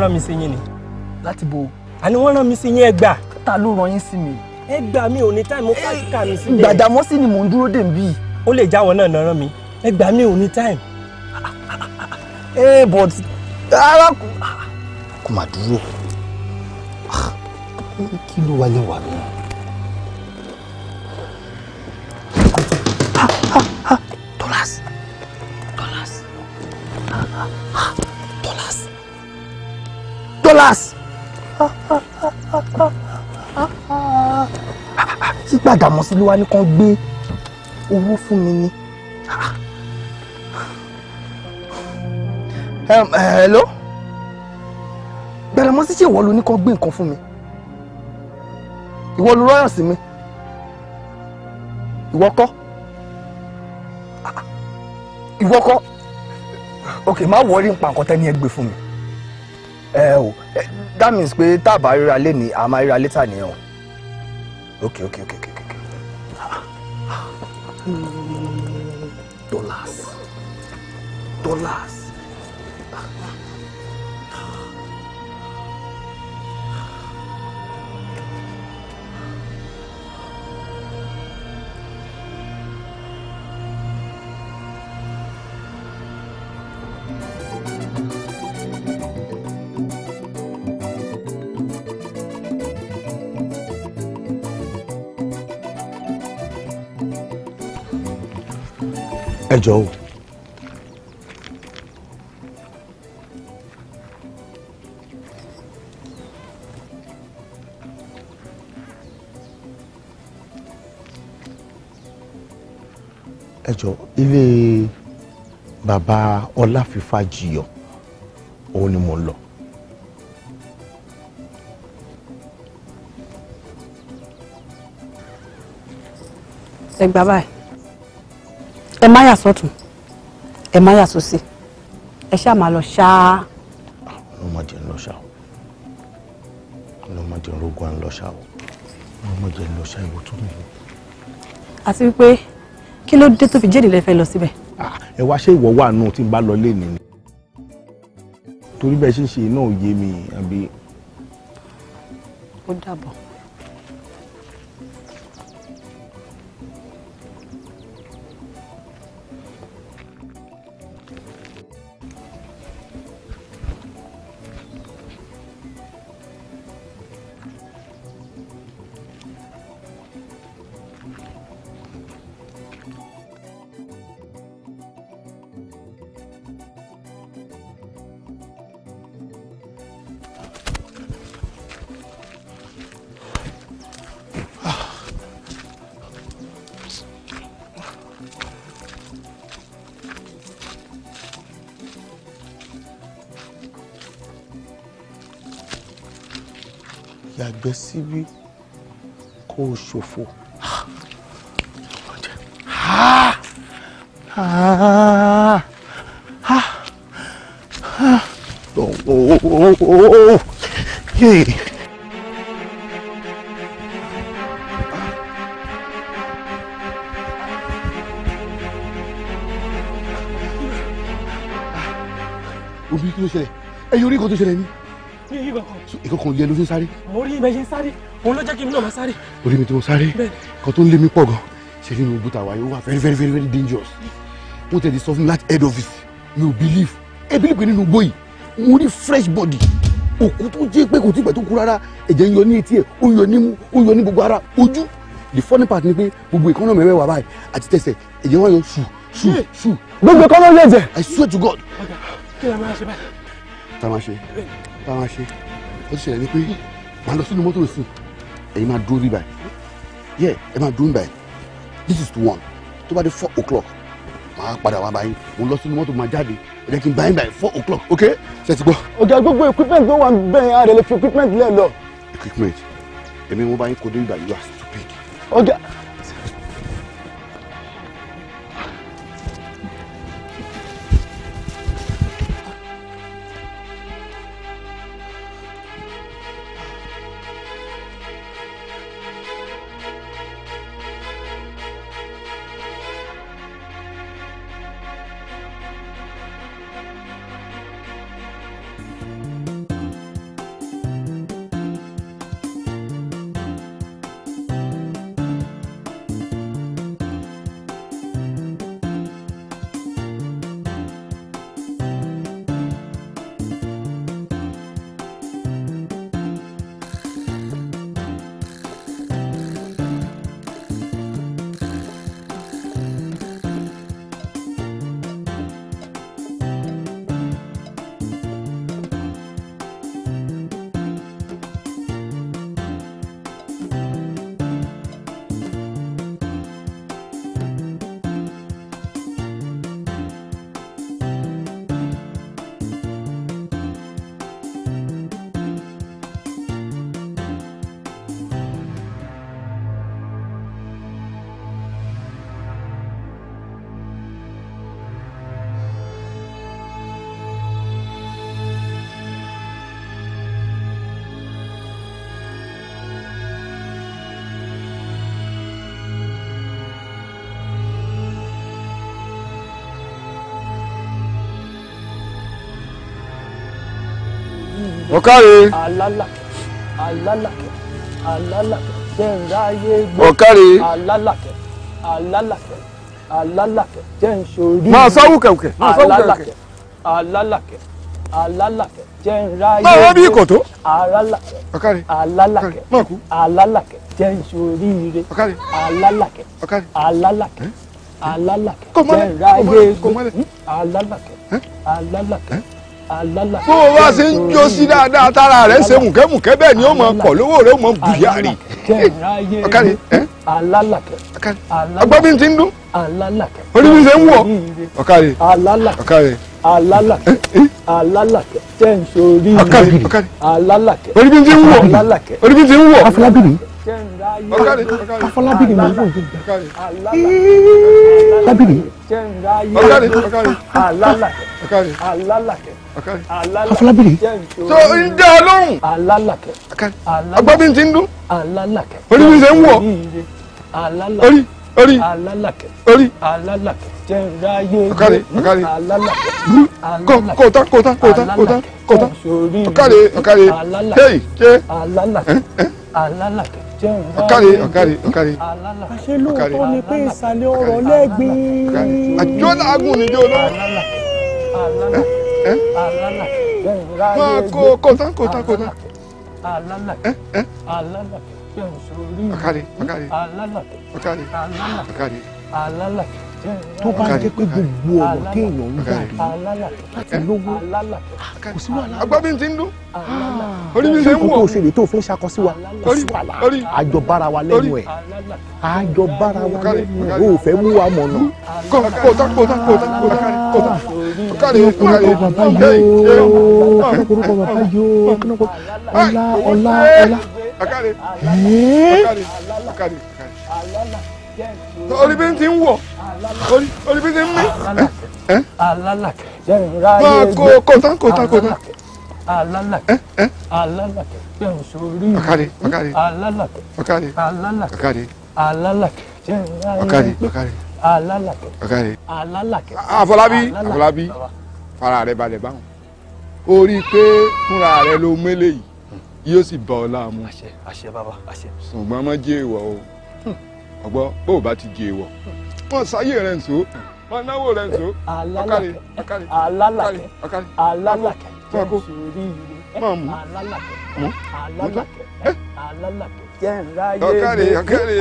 wọ́n rán mi sí yín ni. láti bo. àní wọ́n rán mi sí yín ẹgbà. ta ló rán yín sí mi. ẹgbà mi ò ní táìmù mo pàtíkà mi sílẹ̀. gbàdámọ́sí ni mò ń dúró dè bí. ó lè jáwọ́ náà náà rán mi ẹgbà mi ò ní táìmù. (laughs) ee eh, but ara kò kò mà dúró kí ló wá wà mí. dollars. tí gbàdàmọ́ sí ló wá ní kán gbé owó fún mi ni. Eh, hello gbàdàmọ́ sí ṣe ìwọ ló ní kán gbé nǹkan fún mi ìwọ ló rọ́yàn sí mi ìwọ kọ́ ìwọ kọ́ ok má wọrí nǹpa nǹkan tẹ́ ní ẹ fún mi. ẹ o that means pé tá a bá ríra lé ní a máa ríra létà ok o ok okay okay okay okay dollars dollars. ẹ jọ̀ọ́ ẹ jọ̀ọ́ ilé bàbá Ọláfífájiyọ̀ òun ni mò ń lọ. ẹ gbà báyìí ẹ má yà sọ́tún ẹ má yà sósì ẹ ṣáà máa lọ ṣáá. ọlọmọdé ń lọ ṣá o ọlọmọdé ń rogun à ń lọ ṣá o ọlọmọdé ń lọ ṣá ìwọ tó nìyẹn. àti wípé kí ló dé tó fi jẹ́ ìdílé fẹ́ lọ síbẹ̀. ẹ wá ṣé ìwọ wà nù tí n bá lọ lé nìyí torí bẹ́ẹ̀ ṣe ń ṣe náà yé mi àbí. ó dàbọ̀. síbí kó o ṣòfò. Oh, oh, oh, oh. Hey. obi kí ló ṣẹlẹ̀ ẹyin orí kan tó ṣẹlẹ̀ ni. ìkọkàn ìkọkàn yẹn ló fi ń sáré. mo rí bẹ́ẹ̀ ṣe ń sáré òun ló jẹ́ kí mi náà máa sáré. orí mi tí mo sáré kan tó ń lé mi pọ̀ gan ṣe nínú bùtà wáyé ó wà very very very very dangerous wọ́n tẹ̀lé sọ fún mi láti head office mi ò believe ẹ believe pé nínú gbóyè mo rí fresh body òkú tó jẹ́ pé kò tí ìgbà tó kú rárá ẹ̀jẹ̀ ń yọ ní etí ẹ̀ ó ń yọ ní mú ó ń yọ ní gbogbo ara ojú the funny part ni pé gbogbo ìkànnà mẹ́wẹ́wà báyìí àti tẹsẹ̀ ẹ̀jẹ̀ wọn yọ ṣù ṣù ṣù. gbogbo ìkànnà lè jẹ. I swear to God. kí ni a máa ṣe báyìí. tá a máa ṣe tá a máa ṣe ó ti ṣẹlẹ̀ ni pé màá lọ sínú mọ́tò sí ẹ̀yin máa dúró bíbá yẹ ẹ máa dúró bíbá this is one tó bá dé four o'clock màá padà wá báyìí mo lọ sínú mọ́tò máa jáde ẹ jẹ́ kí n báyìí báyìí four o'clock ok ṣe ti gbọ́. ọ̀gá gbogbo equipment ló wà ń bẹ́ẹ̀ a rẹ̀ lè fi equipment lẹ̀ lọ. equipment èmi mo bá yín kó dé bíbá you are stupid. ọ̀gá. Okay. ọ̀kàrẹ́. alálàkẹ́ alálàkẹ́ alálàkẹ́ jẹ́ ń ráyé gbé. ọ̀kàrẹ́. alálàkẹ́ alálàkẹ́ alálàkẹ́ jẹ́ ń ṣorí. máa sọ wùkẹ̀wùkẹ̀ máa sọ wùkẹ̀wùkẹ̀. alálàkẹ́ alálàkẹ́ jẹ́ ń ráyé gbé. máa wá bí ìkòtó. alálàkẹ́ ọ̀kàrẹ́ alálàkẹ́ máa kú. alálàkẹ́ jẹ́ ń ṣoríire. ọ̀kàrẹ́ alálàkẹ́ ọ̀kàrẹ́ alálàkẹ́ bó o bá ṣe ń jó sí dáadáa tára rẹ̀ ṣe mùkẹ́mùkẹ́ bẹ́ẹ̀ ni ó mọ̀ kọ̀ lówó rẹ̀ ó mọ̀ bùyàrí. ọ̀kadì ọgbọ́n mi ti ń dún orí mi ṣe ń wọ̀ ọ̀kadì ọ̀kadì alálàkẹ́ alálàkẹ́ tẹ́ ń sori rẹ̀ alálàkẹ́ orí mi ti ń wọ̀ orí mi ti ń wọ̀. Afọlábí ni mò ń bò ń gbà. Lábí ni. Afọlábí ni. So ń dá a lóhùn. Agbábí ti ń dún. Orí mi ṣe ń wọ̀. Orí orí orí ọkàlẹ ọkàlẹ kọ kọta kọta kọta kọta kọta ọkàlẹ ọkàlẹ hey ṣe alálàkẹ́ jẹun wá. ọ̀kàrẹ̀ ọ̀kàrẹ̀ ọ̀kàrẹ̀. àṣẹ lóòótọ́ ni pé ìsàlẹ̀ ọ̀rọ̀ lẹ́gbìn. àjọ́nà agùn ni jọ́ lọ́wọ́. alálàkẹ́ jẹun wá. máa kó kóta kóta kóta. alálàkẹ́ alálàkẹ́ jẹun sórí. ọ̀kàrẹ̀ ọ̀kàrẹ̀ ọ̀kàrẹ̀ ọ̀kàrẹ̀. alálàkẹ́ tó bá ń jẹ́ pé gbogbo ọ̀nà téèyàn ń gbà rí láti lówó kò sí wàhálà. agbá mi ti ń dún orí mi ṣe ń wọ̀. ṣé kókó òṣèlè tó fi ń ṣakọ sí wa kò sí wàhálà àjọ bára wa lẹ́nu ẹ̀ àjọ bára wa lẹ́nu ẹ̀ o ò fẹ́ mú wa mọ̀ náà. kò kòtà kòtà kòtà kòtà kòtà kòtà orúkọ bàbá yóò orúkọ bàbá yóò ọlá ọlá ọlá. orí mi ti ń wọ̀ orí bí ṣe ń mí. alálàkẹ́ jẹ́rìn ráyé gbé. kó kó tán kó tán kó tán. alálàkẹ́ alálàkẹ́ jẹ́rìn sórí mi. ọ̀kadì ọ̀kadì alálàkẹ́ ọ̀kadì alálàkẹ́ alálàkẹ́ jẹ́rìn ráyé gbé. alálàkẹ́ ọ̀kadì alálàkẹ́. àfọlábí ah, àfọlábí fara rẹ balẹ̀ báwọn orí pé fúnra rẹ ló mélé yìí yóò sì bá ọ láàmú. àṣẹ àṣẹ bàbá àṣẹ. ṣùgbọ́n má jẹ́ ìwọ o ọgbọ́n bó o bá ti jẹ́ ìwọ. Hmm wọn sáyé rẹ nso wọn náwó rẹ nso ọkàlẹ ọkàlẹ ọkàlẹ alalakẹ tó sórí ire máa mú mú alalakẹ alalakẹ jẹnra yé mi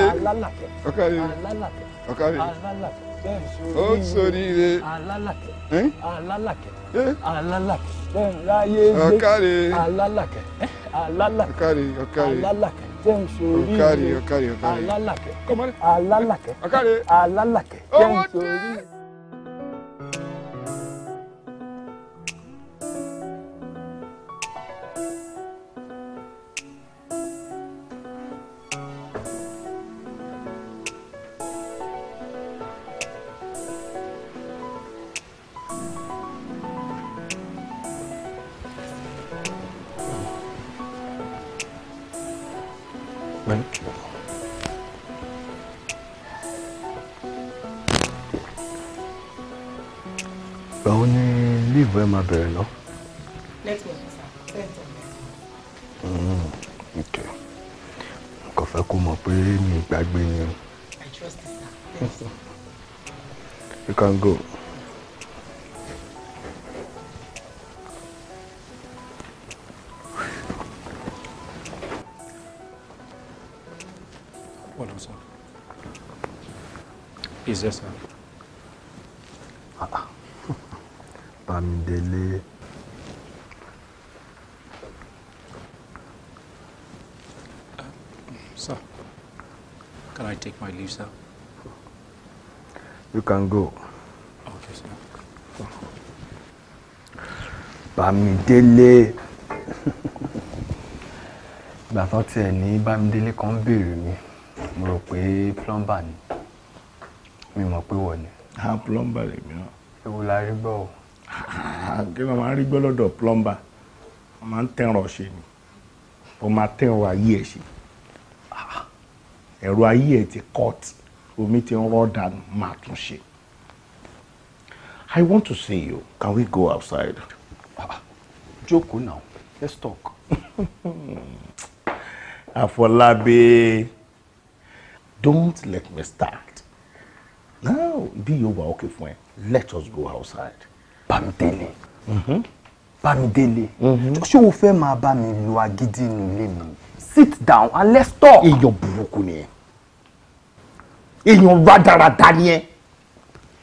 alalakẹ ọkàlẹ ọkàlẹ alalakẹ ó sórí ire alalakẹ alalakẹ alalakẹ jẹnra yé mi alalakẹ alalakẹ alalakẹ alalakẹ jẹ́ ń ṣe oríire alálàkẹ́ alálàkẹ́ alálàkẹ́ jẹ́ ń ṣe oríire. máa bẹ̀rẹ̀ lọ. Mm, okay n kò fẹ́ kó mọ̀ pé mi ì gbàgbé ni o. you can go. What that? Is this? sir. leave, sir? You can go. Okay, sir. Bámidélé. Ìgbà tán tiẹ̀ ní Bámidélé kan béèrè mi. Mo rò pé plumber ni. Mi mọ̀ pé wọ̀ ni. Ha plumber lè mi náà. Ewu la rí gbọ́ o. Ah, kí ló máa ń rí gbọ́ lọ́dọ̀ plumber? Wọ́n máa ń tẹ̀ràn ṣe ni. Ó máa tẹ̀ràn ayé ẹ̀ ṣe ẹ̀rọ ayé ẹ̀ ti cut omi ti ń rọ́ dànù máa tún ṣe. I want to see you. Can we go outside? Joko now. Let's talk. (laughs) Afọlábí, don't let me start. Now, be over okay òkè fún let us go outside. Bámi Mm-hmm. Bámidélé mhm. ṣé o fẹ́ máa bá mi lo agídí inú ilé mi sit down and let's talk. èèyàn burúkú ni ẹ èèyàn rádaràda ni ẹ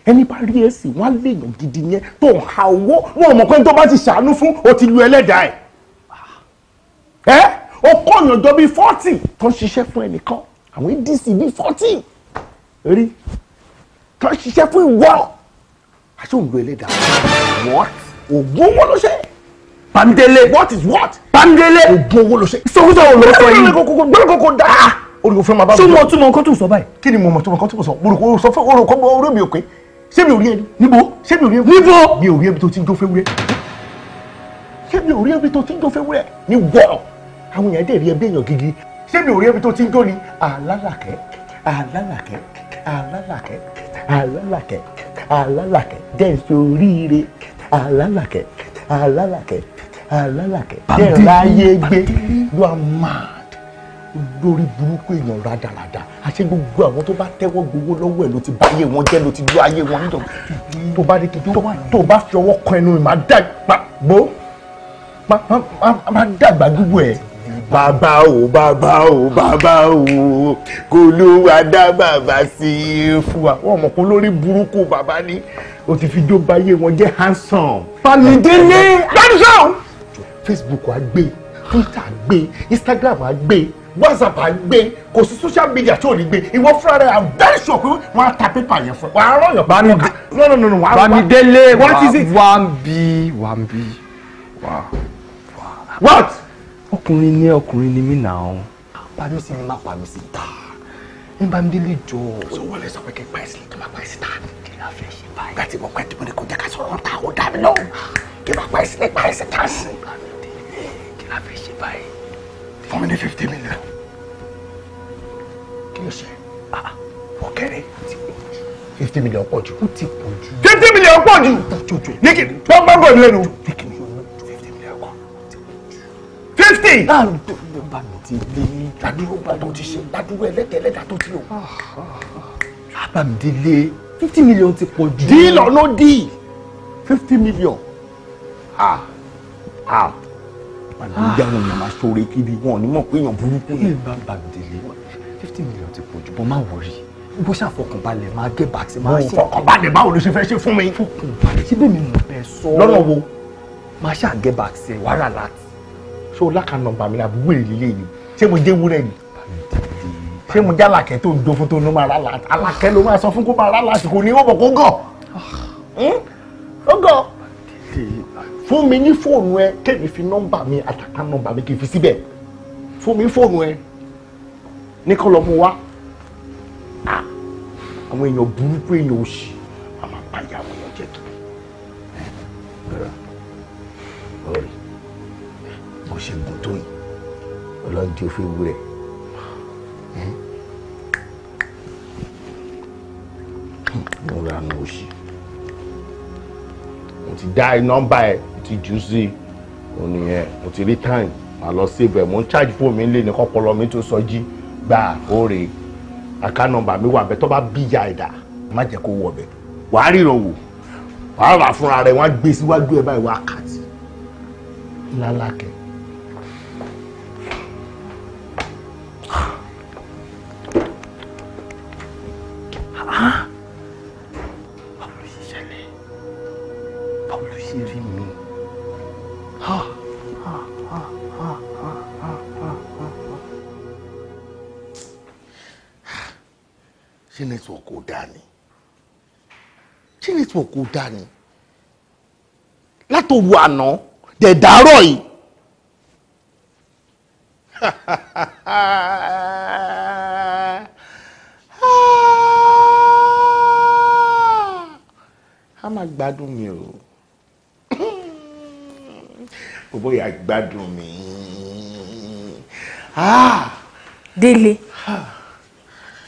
ẹni bá rí ẹ wọn á léèyàn gidi ni ẹ tó ń ha owó wọn ò mọ̀ pé tó bá ti ṣàánú fún o ti lu ẹlẹ́dàá ẹ ẹ o kọ́ ìyànjọ bíi forty tó ń ṣiṣẹ́ fún ẹnìkan àwọn adc bíi forty rí tó ń ṣiṣẹ́ fún ìwọ àti òun ẹlẹ́dàá wọ́n ògùn owó ló ṣe. Bámidélé. what is what. Bámidélé. oògùn owó ló ṣe. sọkúsọ ò lọ sọ yìí. gbọ́dọ̀ kókó dáa. olùkọ́ fẹ́ máa bá mi. sọ mọ túmọ̀ nǹkan tó sọ báyìí. kí ni mo mọ túmọ̀ nǹkan tó sọ olùkọ́ sọ fẹ́ olùkọ́ bọ orí mi ò pé ṣé mi ò rí ẹni. níbo ṣé mi ò rí ẹni. níbo mi ò rí ẹni tó ti ń jó fẹ́ wúrẹ́. ṣé mi ò rí ẹni tó ti ń jó fẹ́ wúrẹ́ ní wọ́ọ̀ àwọn èèyàn dẹ̀ rí ẹbí èèyàn gidi ṣé mi ò rí ẹni tó ti ń jó ni alálàkẹ́ alálàkẹ́ alálàkẹ́ alálàkẹ́ alálàkẹ́ dẹ́n sóríire alálàkẹ́ alálàkẹ́ alálàkẹ́ jẹ́ gbé you are mad lórí burúkú èèyàn rádaràda àṣẹ gbogbo àwọn tó bá tẹ́wọ́ gbowó lọ́wọ́ ẹ̀ ló ti báyé wọn jẹ́ ló ti lú ayé wọn nítorí tó bá dé kejì tó bá fi ọwọ́ kan ẹnu ìmá dàgbà gbó má dàgbà gbogbo ẹ̀ bàbá o bàbá o bàbá o kò ló wá dá bàbá sí i fún wa wọn mọ̀ kó lórí burúkú bàbá ni o ti fi jó báyé wọn jẹ́ handsome. Bàmídélé gbàdúrà facebook á gbé twitter á gbé instagram á gbé whatsapp á gbé kò sí social media tí ò ní gbé ìwọ fúnra rẹ i'm very sure pé wọn á ta pépà yẹn fún ẹ wàá rán yàn. bami no no no no wàá bami délé wàá bí wàá bí wàá. what. ọkùnrin ni ọkùnrin ni mí nà ọ́ pariwo sí ni má pariwo sí ta ní bá délé jọ. sọ wọlé sọ pé kí n pa ìsìn kí n má pa ìsìn ta kí n fẹ́ ṣe ní kó jẹ́ ká sọ̀rọ̀ ta ó dà lọ kí n má pa ìsìn kí n pa ìsìn ta sí la fẹ́ ṣe báyìí. fún mi ní fifty million kí ló ṣe ó kéré fifty million pọ̀ jù. ó ti pọ̀ jù. fifty million pọ̀ jù. ní kí wọ́n gbọ́ bọ̀ lẹ́nu. fifty million pọ̀ jù. fifty. náà ló bá mi ti lé ní. ládùúgbò bá tó ti ṣe ládùúgbò ẹlẹ́tẹ̀ẹ́ lẹ́tà tó ti o. bá mi ti lé fifty million ti pọ̀ jù. díìlọ̀ ló dì fifty million. ah ah, ah. ah àgbéjà wọn yẹn máa ṣoore kiri wọn ò ní mọ̀ pé èèyàn burúkú ni. ẹ bá bàdélé wa fifty million ti pọ̀ jù bọ́ máa wọrí bó ṣàfọkànbalẹ̀ máa gé bàtí máa ṣe. fọkànbalẹ̀ báwo ló ṣe fẹ́ ṣe fún mi. fọkànbalẹ̀ síbẹ̀ mi mọ̀ bẹ́ẹ̀ sọ. lọ́nà wo. máa ṣàgé bàtí ẹ̀ wàrà láti. ṣé o lákà nọ́mbà mi àbúrò ìlélẹ́ yìí ṣé mo jẹ́ wúrẹ́ ni. ṣé mo jẹ́ tó ń do fún tó ní máa rà láti. alákẹ́ ló máa sọ fún kó máa rà láti kò ní ó bọ̀ kó gọ̀. ó gọ̀ fún mi ní fóònù ẹ kébi fi nọ́mbà mi àtàkà nọ́mbà mi kì í fi síbẹ̀ fún mi fóònù ẹ ní kọ́ lọ́ mú wá àwọn èèyàn burúkú èèyàn òṣì a máa bá ìyá àwọn èèyàn jẹ́ kiri ọ̀rẹ́ kò ṣe gùn tó yìí ọlọ́run tí o fi wú rẹ̀ mo ra nù òṣì mo ti dá nọ́mbà ẹ̀ ti jù sí òun nìyẹn mo ti rí time màá lọ sí ibẹ̀ mo ń charge fóònù mi lé ní kọ́pọ̀lọ́ mi tó sọjí gbà óre àká nọ́mbà mi wà bẹ́ẹ̀ tó bá bíyà ẹ̀dá má jẹ́ kó wọ̀ bẹ́ẹ̀ wàá ríran wò wàá rà fúnra rẹ̀ wọ́n á gbé síwájú ẹ̀ báyìí wọ́n á kà sí lálàkẹ́. òkú dání látòru àná dẹ̀dárọ̀ yìí (laughs) a máa gbádùn mi o (laughs) bóbó yà gbádùn mi. Ah! Délé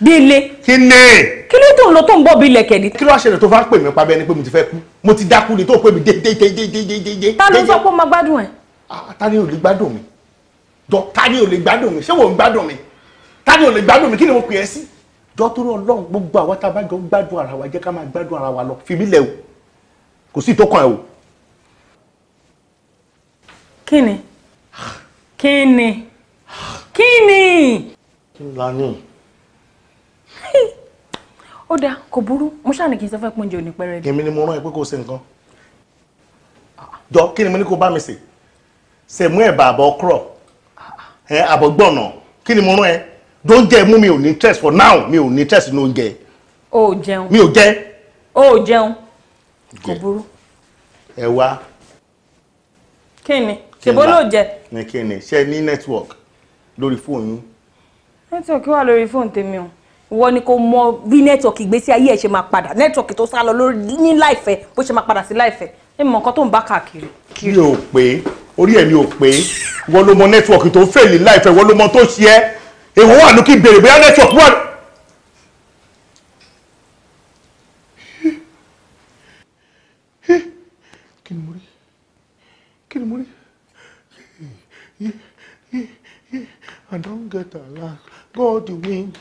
Délé kí ni kí ló ń lọ tó ń bọ̀ bí ilẹ̀kẹ̀ ni. kí ló wá ṣẹlẹ̀ tó fà ń pè mí pa bẹ́ẹ̀ ni pé mo ti fẹ́ kú mo ti dákú ni tó pè mí déédéédéédéédéédéé. ta ló sọ pé ó máa gbádùn ẹ. ta ni ò lè gbádùn mi jọ ta ni ò lè gbádùn mi ṣé wò ń gbádùn mi ta ni ò lè gbádùn mi kí ni mo pè é sí. jọ torí Ọlọ́run gbogbo àwa tá a bá jọ gbádùn ara wa jẹ́ ká máa gbádùn ara wa lọ fi mí lẹ̀ o kò sí ìtókàn ẹ o. kí ni kí kí ni. kí (laughs) ó dáa kò burú mo ṣáà ní kí n sọ fẹ́ pọ́njẹ òní pẹ́rẹ́ ni. èmi ni mo rán ẹ pé kò ṣe nǹkan jọ kí ni mo ní kó bá mi sè ṣe mú ẹ̀bà àbọ̀ ọkọ̀ ẹ àbọ̀ gbọ̀nà kí ni mo rán ẹ dóúnjẹ mú mi ò ní interest for now mi ò ní interest ní oúnjẹ. o ò jẹun mi ò jẹ. o ò jẹun kò burú. ẹ wá. kí ni ṣèbó ló jẹ. ní kí ni ṣe ní network lórí fóònù. network wà lórí fóònù tèmi o wọ́n ní kó mọ bí nẹ́tọ̀kì ìgbésí ayé ẹ̀ ṣe máa padà nẹ́tọ̀kì tó sá lọ lórí ní láìfẹ́ bó ṣe máa padà sí láìfẹ́ ẹ mọ nǹkan tó ń bá káàkiri. mi ò pé orí ẹ̀ mi ò pé wọ́n ló mọ nẹ́tọ̀kì tó fẹ́ ní láìfẹ́ wọ́n ló mọ tó ṣe ẹ́ èwo wà ní kí n bóyá nẹ́tọ̀kì wà. kí ni mo rí kí ni mo rí I don't get along God win.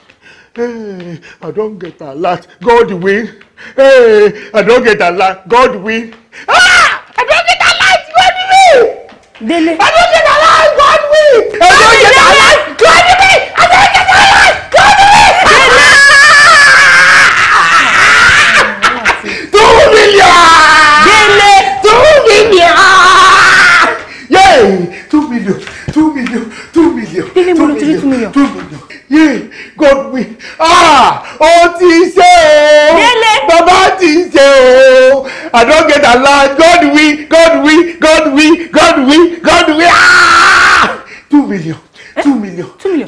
Hey, I don't get a lot. God win. Hey, I don't get a lot. God win. Ah! I don't get a lot. God win. Dele. I don't get a lot. God win. I don't get a lot. God win. I don't get a lot. God win. Two million. Dele. Two million. Yay! Two million. Two million. Two million. Dele, two million. Two million. Allah God we, God we, God we, God we, God we. ah two million eh? two million two million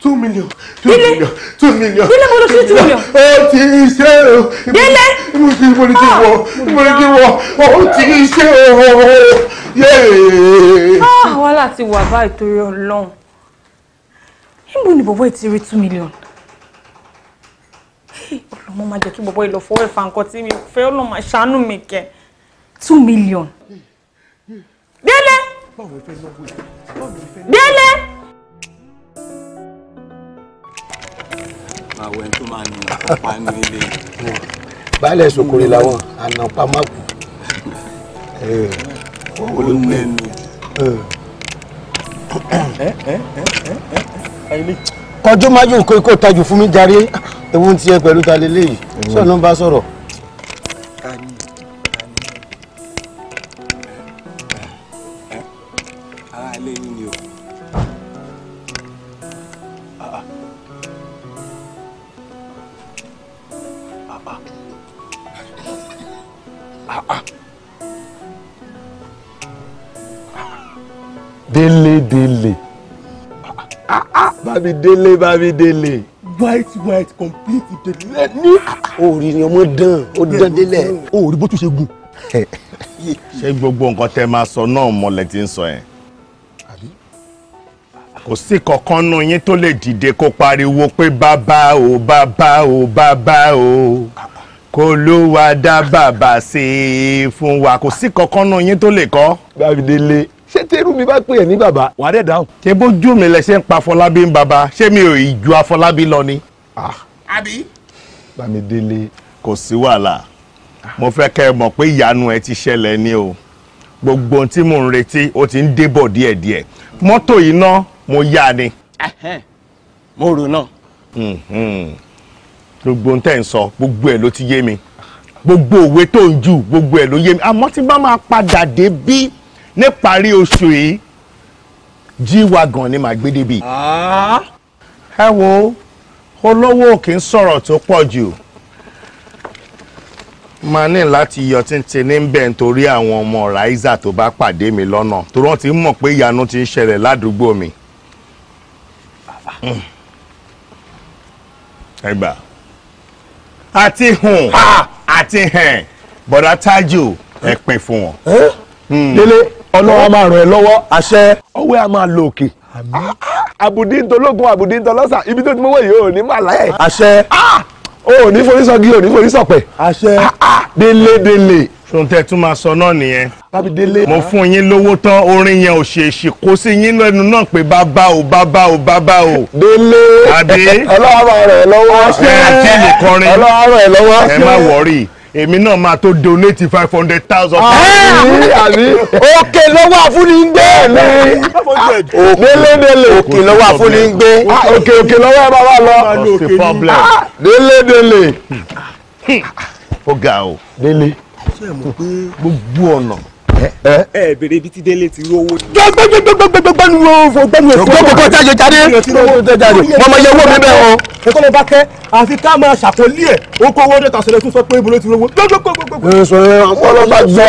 two million two million two million délé mo lọ sí two million. ó ti ṣe o délé mo ti mo ti ah! wọ mo ti wọ ó ti ṣe o yéé. Ah, wàhálà ti wà báyìí torí ọlọ́run níbo ni bọ̀bọ̀ ti rí two million ọlọ́mọ máa jẹ́ kí bọ̀bọ̀ ìlọ́fọ́wọ́ ẹ̀fà nǹkan tí mi fẹ́ ọlọ́mọ ṣàánú mi kẹ́ two million. Délé! Délé! Àwọn ẹni tó máa ní ọ̀pá eh, eh, eh, eh. làwọn ànàpá má kù. Olóhùn ẹnu. Kọjú máa yóò kó tajú fún mi jàre. Ewu ń tiẹ̀ pẹ̀lú ta lélẹ́yìí. Sọ̀nà bá sọ̀rọ̀. Ká ní délédélé bàbí délé bàbí délé. white white complete délé ní. orí ni ọmọ dán ó dán délẹ̀. orí bó tún ṣe gùn. ṣé gbogbo nǹkan tẹ máa sọ náà mọlẹ tí ń sọ yẹn. kò sí kankan nù yín tó lè dìde kó pariwo pé bàbá o bàbá o bàbá o kó ló wá dá bàbá sí i fún wa kò sí kankan nù yín tó lè kọ́. bàbí délé ṣé tẹ́rù mi bá pè é ní bàbá wà á dẹ̀ dáhùn. ṣé bójú mi lẹ ṣe ń pa Afọlábí ń bàbá ṣé mi ò ìjù Afọlábí lọ ni. Ah. àbí. Bámidélé kò sí wàhálà mo fẹ́ kẹ́ ẹ mọ̀ pé ìyanu ẹ ti ṣẹlẹ̀ ni o gbogbo ohun tí mò ń retí ó ti ń débọ̀ díẹ̀díẹ̀ mọ́tò yìí ná mo yá ni. mo rò náà. gbogbo ohun tẹ́ ń sọ gbogbo ẹ̀ ló ti yé mi gbogbo òwe tó ń jù gbogbo ẹ̀ ló yé mi àmọ́ tí bá máa padà dé bí níparí oṣù yìí G-Wagon ni màá gbé débi. Ah. ẹ wo olówó kì í sọ̀rọ̀ tó pọ̀ jù máa ní láti yọ títí ní bẹ́ẹ̀ nítorí àwọn ọmọ ràìsà tó bá pàdé mi lọ́nà tó rán ti mọ̀ pé ìyanu ti ń ṣẹlẹ̀ ládùúgbò mi. ẹ gbà àti hùn àti hẹn bọ̀dá tájù ẹ pín fún wọn. Hmm. délé ọlọ́wọ́ máa ràn ẹ́ lọ́wọ́ àṣẹ ọwọ́ ẹ̀ máa lọ òkè. àbùdí ntológun àbùdí ntolọ́sà ibi tó ti mọ́wọ́ yìí ò ní máa láyẹ̀. àṣẹ ò ní forí sọgi ò ní forí sọpẹ. àṣẹ délé délé. sọ̀tẹ̀ tún máa sọ náà nìyẹn. bábí délé. mo fún yín lówó tán orin yẹn ò ṣèèṣì kó sí yín lẹ́nu náà pé bàbá o bàbá o bàbá o. délé àbí. ọlọ́wọ́ rẹ̀ lọ́wọ́. àṣẹ àti ìlẹ̀kọrin. ọlọ́wọ́ rẹ̀ lọ́wọ́. ẹ má wọrí èmi náà máa tó donate five hundred thousand. Ah. àbí àbí òkè lọ́wọ́ àfúnigbé mi délédélé òkè lọ́wọ́ àfúnigbé ah, òkè òkè lọ́wọ́ ẹ bá wà lọ ah, délédélé ó ga o délé gbogbo ọ̀nà ẹ ẹ bèrè ibi tí délé ti rówó. gbẹgbẹgbẹgbẹgbẹgbẹnu gbẹnu ẹfọ. gbogbo jáde jáde wọn máa yẹ owó mi bẹ́ẹ̀ o. ẹ̀kọ́ ló bá kẹ́ àfi ká máa ṣàkólí ẹ̀ ó kó owó dẹ́ta sọ̀rọ̀ tún sọ pé ibo ló ti rówó. èso ọlọ́ba jọ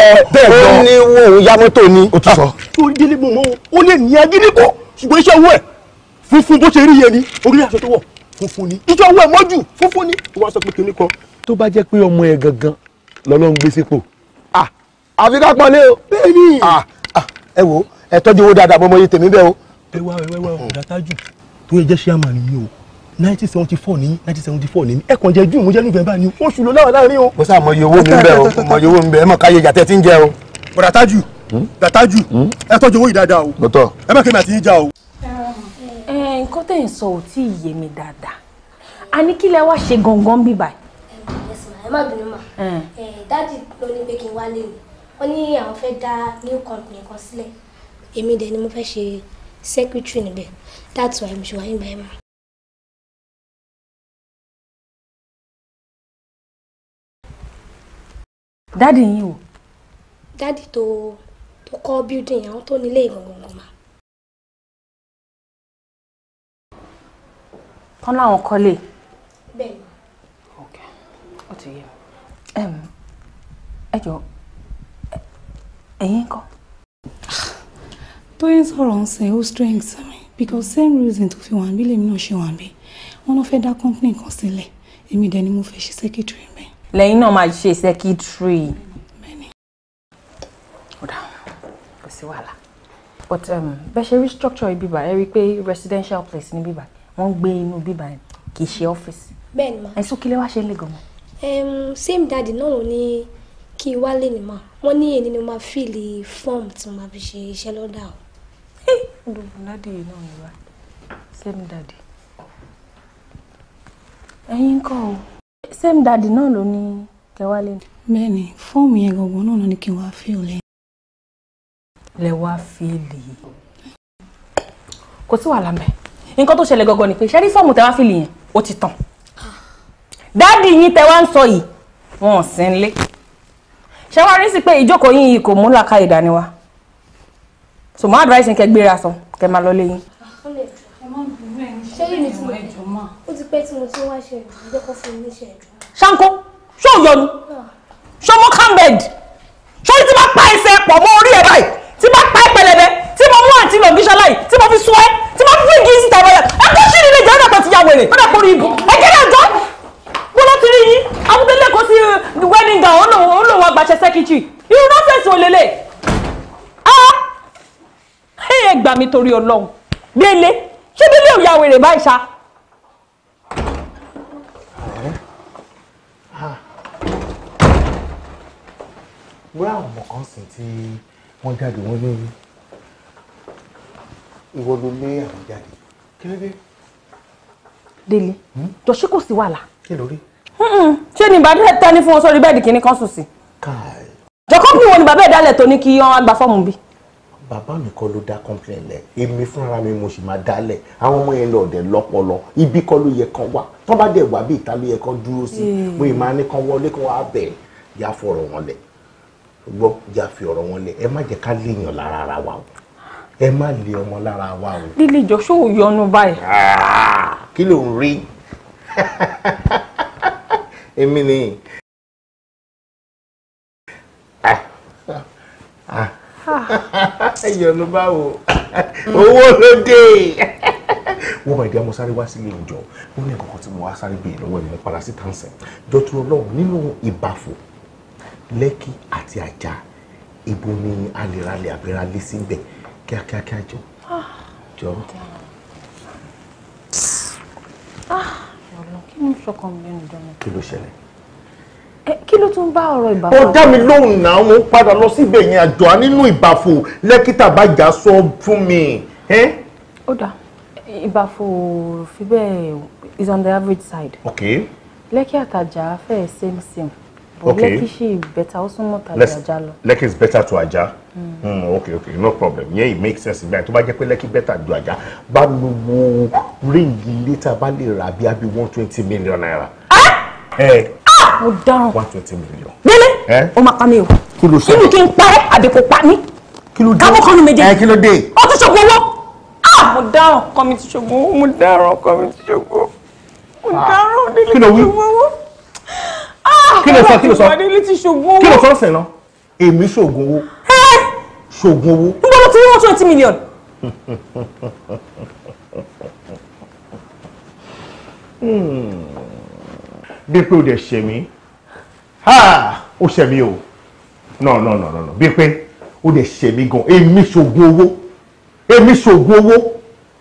ó ní òun yá mọ́tò ni. o tún sọ. orí délé mọ̀ mọ́ o lè ní agídí kọ́ ṣùgbọ́n iṣẹ́ owó ẹ̀ funfun bó ṣe rí yẹn ni orí aṣọ tó wọ̀ funfun ni iṣẹ́ owó ẹ̀ mọ́jú funfun ni. wọ́n sọ pé kinní kan tó bá jẹ́ pé àfi ká pọ́nlé o. bẹ́ẹ̀ni. ẹ wo ẹ tọ́jú owó dáadáa mọ́mọ́ yìí tèmi bẹ́ẹ̀ o. ẹ wá ẹ wá ọ̀dà tájù tó yẹ jẹ́ ṣíàmà nìyí o nineteen seventy four ní nineteen seventy four ní ẹ kàn jẹ june mo jẹ november ní oṣù ló láwà láàrin o. kò sáà mọ iye owó mi ń bẹ o mọ iye owó mi ń bẹ ẹ mọ káyé ìjà tẹ ti ń jẹ o. ọ̀dà tájù dàtájù hmm? hmm? ẹ tọ́jú owó yìí dáadáa o ẹ má kémi àti yín já o. nǹkan tẹ̀ ń sọ ò tí ì yé mi dáadáa a ní kí lẹ wá ṣe gangan bíbá. ẹ má bínú mà dájú ló ní pé kí n wá lé mi wọ́n ní àwọn fẹ́ dá new company kan sílẹ̀ èmi dẹ̀ ni mo fẹ́ ṣe secretary níbẹ̀ that's why mo ṣe wà nígbà yẹn mọ́. dádì yín o. dádì tó tó kọ́ building àwọn tó nílé ìgbọ̀ngàn mà. tán láwọn kọ́lé. bẹ́ẹ̀ ni. ok ó ti yé mi. ẹ jọ ẹ̀yin kọ́. tóyìn sọ̀rọ̀ ń sìn ó strength sí because same reason tó fi wà níbí lèmi náà ṣe wà níbí wọn náà fẹ́ dá company kan sílẹ̀ èmi dẹ̀ ni mo fẹ́ ṣe secretary mẹ́. lẹ́yìn náà máa ṣe secretary. bẹ́ẹ̀ni. ọ̀dà kò sí wàhálà but um, bẹ́ẹ̀ ṣe rí structure bíbá ẹ rí i pé residential place ní bíbá wọ́n gbé inú bíbá kì í ṣe ọ́fíìsì. bẹ́ẹ̀ni ma. ẹ̀ sọ kí lè wá ṣe ń lè gan-an. same daddy náà ló No, kí n wálé ni mà wọ́n ní èyí ni mo máa fíìlì fọ́ọ̀mù tí mo máa fi ṣe iṣẹ́ lọ́dà o. ládì yìí náà ìwà same daddy ẹ̀yin ń kọ́ o same daddy náà ló ní kẹwálé ni. bẹ́ẹ̀ni fọ́ọ̀mù yẹn gangan náà ni kí n wá fíìlì. lẹ wá fíìlì kò sí wàhálà mẹ́ nǹkan tó ṣẹlẹ̀ gangan ni pé ṣẹ́rí fọ́ọ̀mù tẹ wá fíìlì yẹn ó ti tàn ah. dáàdì yín tẹ wá ń sọ yìí wọn ò sí ń lé ṣé wàá rí sí pé ìjókòó yín kò mú làkà ìdání wa so mo advice kẹ gbéra sàn kẹ máa lọ lẹ́yìn. ṣanko ṣé òjò ni ṣé mo kambed ṣé tí bá pa ẹsẹ̀ pọ̀ mọ́ orí ẹ̀ báyìí tí bá pa ẹpẹlẹbẹ tí mo mú àǹtí lọ gíṣẹ́ láì tí mo fi sún ẹ tí mo fi gíṣẹ́ tàbí ẹ ẹ kó ṣì nílé jẹ́ ẹ̀ náà tó ti yà wèrè ó dà kó rí igun ẹ kí ẹ bó ló ti rí yín amúgbélẹ́kọ̀ọ́ sí uh, wẹ́nìngà olówó àgbàṣẹ sẹ́kítì irú nọ́fẹ̀sì òlélẹ̀ ẹ gbà mí torí ọlọ́run délé ṣé délé ò ya wèrè báyìí ṣá. wúrà àwọn ọmọ kan sìn tí wọ́n jáde wọ́n ní ìwọ ló lé àwọn jáde kí ló dé. délé hmm? jọ̀ṣẹ́ kò sí wàhálà kí ló rí. ṣé ni bàbá ẹ tẹ́ ní fún wọn sórí bẹ́ẹ̀dì kìíní kan sùn sí. káì. jọ kọ́mpìnì wo ni bàbá ẹ̀ dálẹ̀ tó ní kí wọ́n gba fọ́ọ̀mù bí. bàbá mi kọ́ ló dá kọ́mpìnì lẹ̀ èmi fúnra mi mo sì máa dálẹ̀ àwọn ọmọ yẹn lọ ọ̀dẹ̀ lọ́pọlọ ibi kọ́ ló yẹ kán wá tó bá dẹ̀ wá bí ìta ló yẹ kán dúró sí hmm. mo ì máa ní kán wọlé kán wá bẹ̀ yá fọ̀rọ̀ wọn lẹ̀ gbọ́ yá fi ọ̀rọ̀ wọn lẹ̀ ẹ má jẹ́ ká léèyàn lára ara wa o ẹ má lé ọmọ lára wa o. lílé ṣó yọnu báyìí. Ah! kí ló ń rí (laughs) èmi ni ah. Ah. Ah. (laughs) ìyọnu báwo owó ló dé wọ́n máa di amọ̀sáré wá sílé ìjọ ó ní ẹ̀kọ́kọ́ tí mo wá sáré bèèrè lọ́wọ́ ẹ̀mí padà sí tàǹsẹ̀ jọtúrọ̀ lọ́wọ́ nínú ìbàfò lẹ́kì àti àjà ibo ni alèralẹ̀ àbẹ̀ralẹ̀ síbẹ̀ kíákíákíá jọ jọ. Ah kí ló ń ṣọkàn mi lẹ́nu dánwò. kí ló ṣẹlẹ̀. kí ló tún bá ọ̀rọ̀ ìbá wọn. ọ̀dá mi lóhùn náà mo ń padà lọ síbẹ̀ yẹn àjọ á nínú ìbàfò lẹ́kítà bá jà sọ fún mi. ó dà ìbàfò fi bẹ́ẹ̀ is on the average side. ok lẹ́kí àtàjà fẹ́ẹ̀ same same okay Lekki ṣì better ó súnmọ́ tàbí ajá lọ. Lekki is better to ajá mm, okay okay no problem Yeah, it makes sense gbẹ́yìn tó bá jẹ́ pé Lekki better ju ajá bá mi wo ríǹgì lítà bá lè rà bí abí one twenty million naira. Ah! Eh. Ah! mo dáràn one twenty million. gbélé o eh? máa pa mi o kí ló ṣe é kí n pa ẹ́ àbí kò pa mí kí ló dé káwọn kan ní méjèèjì eh, kí ló dé ó tún ṣògo owó ah! mo dáràn ọkọ mi ti ṣògo owó mo dáràn ọkọ mi ti ṣògo owó mo dáràn ọdẹ lè ṣògo kí ló sọ kí ló sọ kí ló sọ ọ̀sẹ̀ náà èmi ṣoògùn owó ṣoògùn owó. n bọ́ ti rí one twenty million. Hmm. bí pé o dẹ̀ ṣẹ̀ mí O ṣẹ̀ mí o no no no no bí pé o dẹ̀ ṣẹ̀ mí gan èmi ṣoògùn owó èmi ṣoògùn owó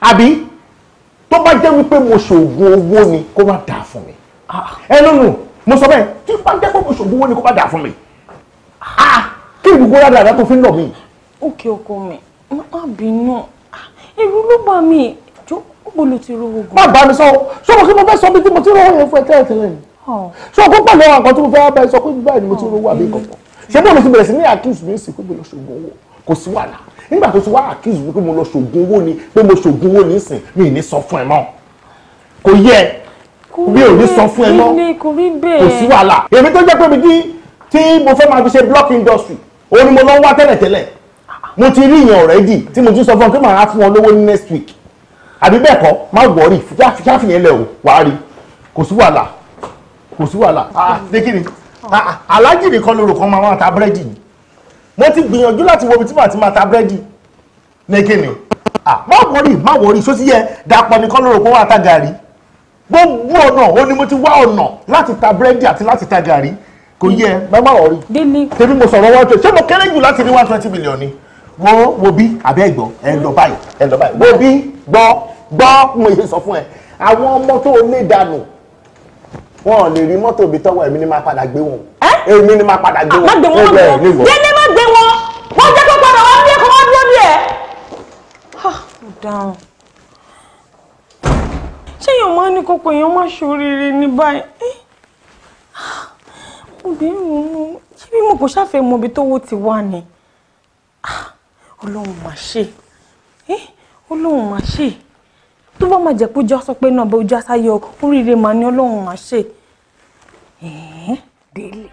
àbí tó bá jẹ́ wípé mo ṣoògùn owó ni kó má dáa fún mi ah. ẹnu nù mo sọ bẹ́ẹ̀ tí n bá jẹ́ pé oṣogun wo ni kó bá dà fún mi ah, kí ni gbogbo rárá tó fi ń lọ mí. òkè ọkọ mi má bínú ah, ẹ̀rù ló bá mi jó gbogbo ló ti rówó gan. má bá mi sọ sọ́kò kí mo fẹ́ sọ bí tí mo ti rówó yẹn fún ẹ tẹ́lẹ̀ tẹ́lẹ̀ ni oh. sọ́kò pàdé àwọn àkọ́tún mo fẹ́ bá ẹ sọ pé báyìí ni mo ti rówó àbí kankan ṣé mo lọ sí bẹ̀rẹ̀ sí ní àkíyèsí mi sì pé mo lọ ṣògùn owó kò sí wàhálà nígbà tó ti wá àkíyèsí pé mo lọ ṣògùn owó ni pé mo ṣògùn owó nísìn mi ì mi ò ní sọ fún ẹ mọ́ kò sí wàhálà èmi tó jẹ́ pé mi tí mo fẹ́ máa fi ṣe block industry òun ni mo lọ ń wá tẹ́lẹ̀tẹ́lẹ̀ mo ti rí ìyẹn already tí mo ti sọ fún ọ pé màá fún ọ lówó ní next week àbí bẹ́ẹ̀ kọ́ má wọ̀ọ́rì káfíyẹn lẹ̀ o wàá rí kò sí wàhálà kò sí wàhálà dékìrì ah, ah, ah, alájì nìkan lóru kan máa máa ta búrẹ́dì yìí mo ti gbìyànjú láti wo ibi tí màá ti máa ta búrẹ́dì ní kíni má wọ̀ọ́rì má wọ̀ọ́rì sósì yẹ dàpọ̀ nìkan lóru kan máa ta gàrí gbogbo ọ̀nà ó ní mo ti wá ọ̀nà láti ta búrẹ́dì àti láti ta gàrí kò yẹ bá má wọ̀ rí tèmi mo sọ̀rọ̀ wá tó ṣé mo kéré jù láti ní one twenty million ni wo wo bí abẹ́ gbọ́ ẹ lọ báyìí ẹ lọ báyìí wo bí gbọ́ gbọ́ mo yẹ sọ fún ẹ àwọn ọmọ tó o lè dànù wọn ò lè rí mọ́tò ibi tọ́wọ́ èmi ni máa padà gbé wọn èmi ni máa padà gbé ah, wọn ẹgbẹ́ ẹ̀ níwọ̀. gbé wọn wọ́n jẹ́ kó padà wá kéèyàn máa ní kókó èèyàn má ṣoríire ní báyìí eh, obìnrin òun ṣé bí mo kò ṣàfẹ́ mọ ibi tówó ti wà ni ah, ọlọ́run mà ṣe eh, ọlọ́run mà ṣe tó bá máa jẹ́ pé ojú aṣọ pé náà bá ojú aṣáyọ oríire mà ní ọlọ́run mà ṣe eh, délé.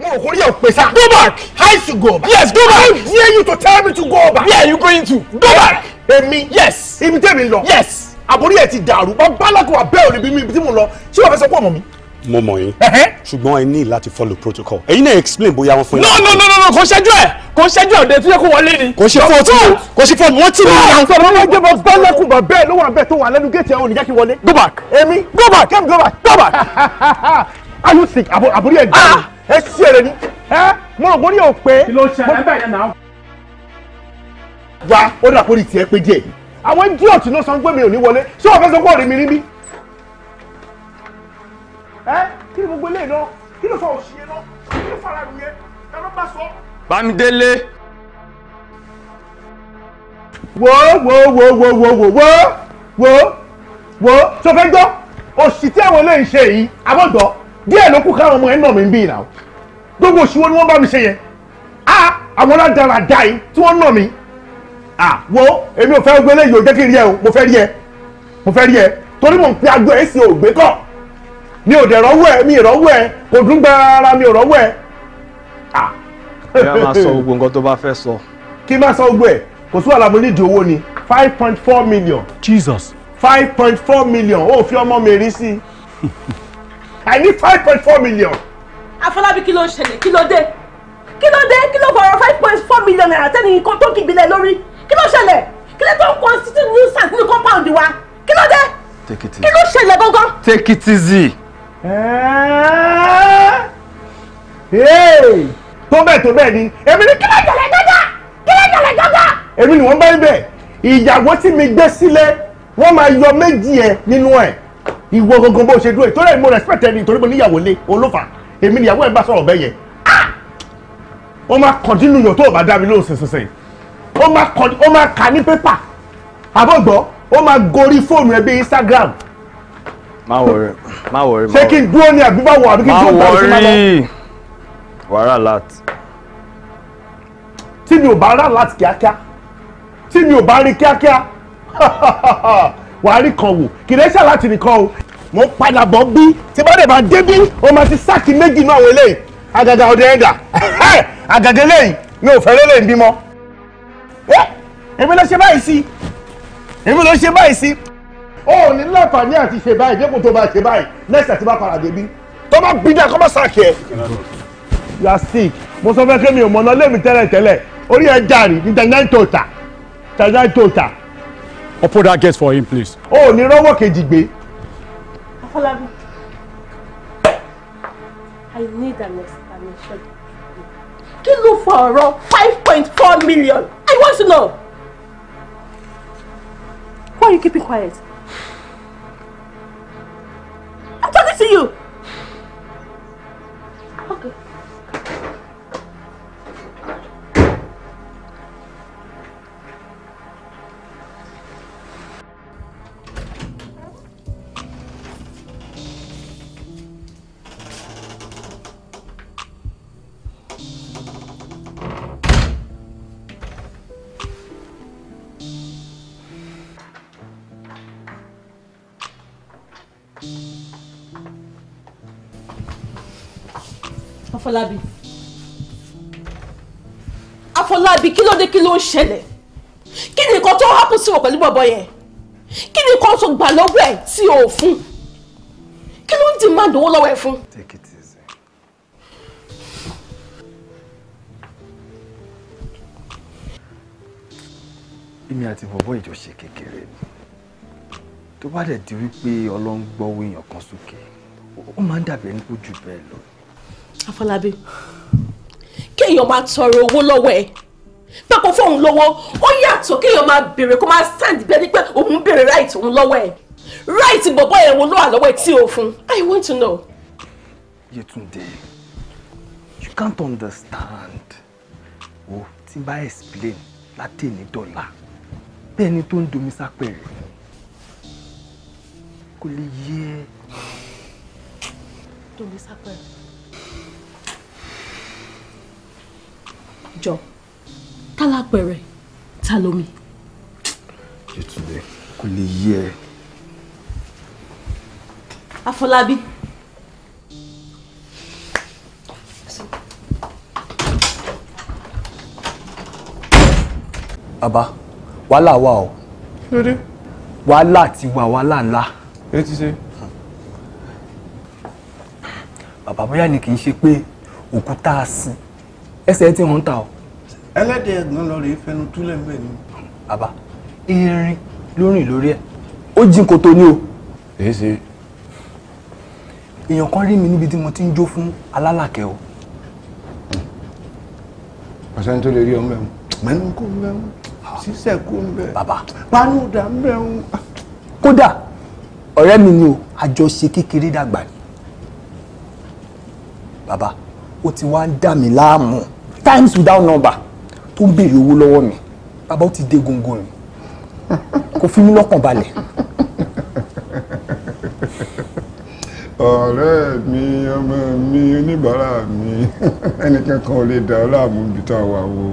mo ò kórìí òpè sá. go back. I to go back. yes go back. Where you to tell me to go back. where you going to. go back. èmi. yes. ibi tèmi lọ. yes àbórí ẹ̀ ti dàrú babaláko abẹ́ òní bí mi tí mo lọ ṣé wàá fẹ́ sọ pé ọmọ mi. mo mọ̀ yín ṣùgbọ́n ẹ ní láti follow protocol ẹ̀yin náà explain bóyá wọ́n fún yín. no no no no kò ṣẹ́jú ẹ̀ kò ṣẹ́jú ẹ̀ tí yẹ kó wọlé ni. kò ṣe fóòtù kò ṣe fóòtù wọ́n ti mú un. sọ̀rọ̀ wọn gbé babaláko bàbẹ́ ẹ̀ ló wà bẹ́ẹ̀ tó wà lẹ́nu géètì ẹ̀ ò ní jẹ́ kí wọlé. go back. èmi go back. kẹ́mi go back. go back. are you sick àbórí ẹ̀ dàrú ẹ̀ sí ẹ àwọn idiot náà sọ pé mi ò ní wọlé ṣé wọ́n fẹ́ sọ pé ọ̀rẹ́ mi rí mi. ẹ kí ni gbogbo eléyìí náà kí ló sọ òṣìyẹ náà kí ló fara mi yẹ ẹ ló bá sọ. Bámidélé. wo wo wo wo wo wo wo wo wo sọ fẹ́ gbọ́ òṣì tí àwọn eléyìí ṣe yìí àbọ̀dọ̀ díẹ̀ ló kú káwọn ọmọ ẹ̀ náà mi ń bí ìlà o gbogbo òṣìwọ́ ni wọ́n bá mi ṣe yẹn a àwọn aládàáradà yìí tí wọ́n nà mí Ah, wo èmi ò fẹ́ gbé léyìí ò jẹ́ kí n rí ẹ o mo fẹ́ rí ẹ mo fẹ́ rí ẹ torí mò ń pe aago ẹ̀ sì ò gbé kọ̀ mi ò dẹ̀ rọ́wọ́ ẹ mi ì rọ́wọ́ ẹ kò dùn gbẹ rárá mi ò rọ́wọ́ ẹ. ẹ á máa sọ gbogbo nǹkan tó bá fẹ́ sọ. kí n máa sọ gbogbo ẹ kò sí wàhálà mo ní ìdí ni five point four million. Jesus. five point four million ó fi ọmọ mi rí sí i. I need five point four million. Afọlábí kí ló ń ṣẹlẹ̀ kí ló dé kí ló dé kí ló fọ̀rọ̀ five point four million naira tẹ́ni nǹkan tó kìgbìlẹ̀ lórí kí ló ṣẹlẹ̀ kí ló tó ń constitute nuisance nínú compound wa kí ló dé kí ló ṣẹlẹ̀ gangan. take it easy. tó bẹ́ẹ̀ tó bẹ́ẹ̀ ni èmi ni kí ló jẹ̀lẹ̀ gángan kí ló jẹ̀lẹ̀ gángan. èmi ni wọ́n bá ń bẹ̀ ìyàwó tí mi gbé sílé wọ́n máa yọ méjì ẹ̀ nínú ẹ̀ ìwọ gangan bó ṣe dúró ìtọ́lẹ̀ ìmọ̀ respect ẹni ìtọ́lẹ̀ ìmọ̀ níyàwó lé olófà èmi níyàwó ẹ̀ bá sọ̀rọ̀ bẹ́yẹn wọ́n ah! máa continue yàn tó o bá dá mi lóhùn sínsìnsìn ó máa kọ ó máa kà ní pépà àbọ̀gbọ́ ó máa gorí fóònù ẹ bí Instagram. má wọrí má wọrí má wọrí ṣé kí n dúró ní àbíbáwọ̀ àbí kí n dúró tàbí sí má lọ. wàrà láti. tí mi ò bá rà láti kíákíá tí mi ò bá rí kíákíá (laughs) wàá rí kan wò kì í lẹ́sẹ̀ láti nìkan o mo padà bọ̀ bí tí bá dẹ̀ bá dé bí o máa ti sáàkì méjì náà wọlé àgàgà ọ̀dẹ̀ ẹ̀gà (laughs) àgàgà eléyìí mi ò fẹ́ lélẹ̀ bímọ. Eh, èmi ló ṣe báyìí sí èmi ló ṣe báyìí sí. o ò ní láǹfààní àti ṣe báyìí dépò tó bá ṣe báyìí next àti bá padà débí tó bá bí dá kó má sàkí ẹ. you are sick mo sọ fẹ́ kí mi ò mọ̀nà lémi tẹ́lẹ̀tẹ́lẹ̀ orí ẹ̀ jàre ní tẹ̀yìn tó ta tẹ̀yìn tó ta. open that gate for him please. o ò ní rọ́wọ́ kejì gbé. Afọlábí I need an explanation. kí ló fa ọ̀rọ̀ five point four million. I want to know. Why are you keeping quiet? I'm talking to you. Okay. Afọlábí Afọlábí kí ló dé kí ló ń ṣẹlẹ̀ kí ni nǹkan tó hápù sí wọ pẹ̀lú bọ̀bọ̀ yẹn kí ni nǹkan tó gbà lọ́wọ́ ẹ̀ tí o ò fún kí ló ń dì máa dòwó lọ́wọ́ ẹ̀ fún. Take it easy. èmi àti bọ̀bọ̀ ìjọ ṣe kékeré ni tó bá dẹ̀ di wípé ọlọ́ngbọ́wé èèyàn kan sókè ó máa ń dàbí ẹni kó jù bẹ́ẹ̀ lọ Afọlábí kéèyàn máa tọrọ owó lọ́wọ́ ẹ pé kó fóun lọ́wọ́ ó yàtọ̀ kéèyàn máa béèrè kó máa stand bí ẹni pé òun béèrè right òun lọ́wọ́ ẹ right bọ̀bọ̀ ẹ̀ wo ló wà lọ́wọ́ ẹ tí o fún I want to know. Yetunde you can't understand o tí bá explain láti ní dọ́là bẹ́ẹ̀ ni tó ń domi sápẹ̀rẹ̀ kò lè yé e. domi sápẹ̀rẹ̀. jọ ta lápẹrẹ ta lomi. Yétúndé kò lè yí ẹ. Afọlábí. Bàbá, wàhálà wà o. Lóde. Wàhálà ti wà wàhálà ńlá. Ẹ ti ṣe. Bàbá bóyá ni kì í ṣe pé òkúta sin ẹsẹ̀ tí wọ́n ń ta ọ. ẹlẹ́dẹ̀ ẹ̀gbọ́n lọ rèé fẹnu túlẹ̀ ńbẹ̀ ni. bàbá irin ló rìn lórí ẹ̀ ó jìn kòtò ní o. èyí ṣe. èèyàn kan rí mi níbi tí mo ti ń jó fún alálàkẹ́ o. ọ̀sẹ̀ tó lè rí ọmọ ẹ̀ mẹ́nu kó ń bẹ̀ ń ṣiṣẹ́ kó ń bẹ̀ bàbá pánú dà ń bẹ̀ kódà ọ̀rẹ́ mi ni o àjọṣe kékeré dàgbà ni bàbá ó ti wá ń dà mí láàmú times without number tó ń béèrè owó lọ́wọ́ mi bàbá ó ti dé góńgó ni kò fi mí lọ́kàn balẹ̀. ọ̀rẹ́ mi ọmọ mi oníbàárà mi ẹnìkan kan ò lè dá ọ láàmú ibi tá a wà o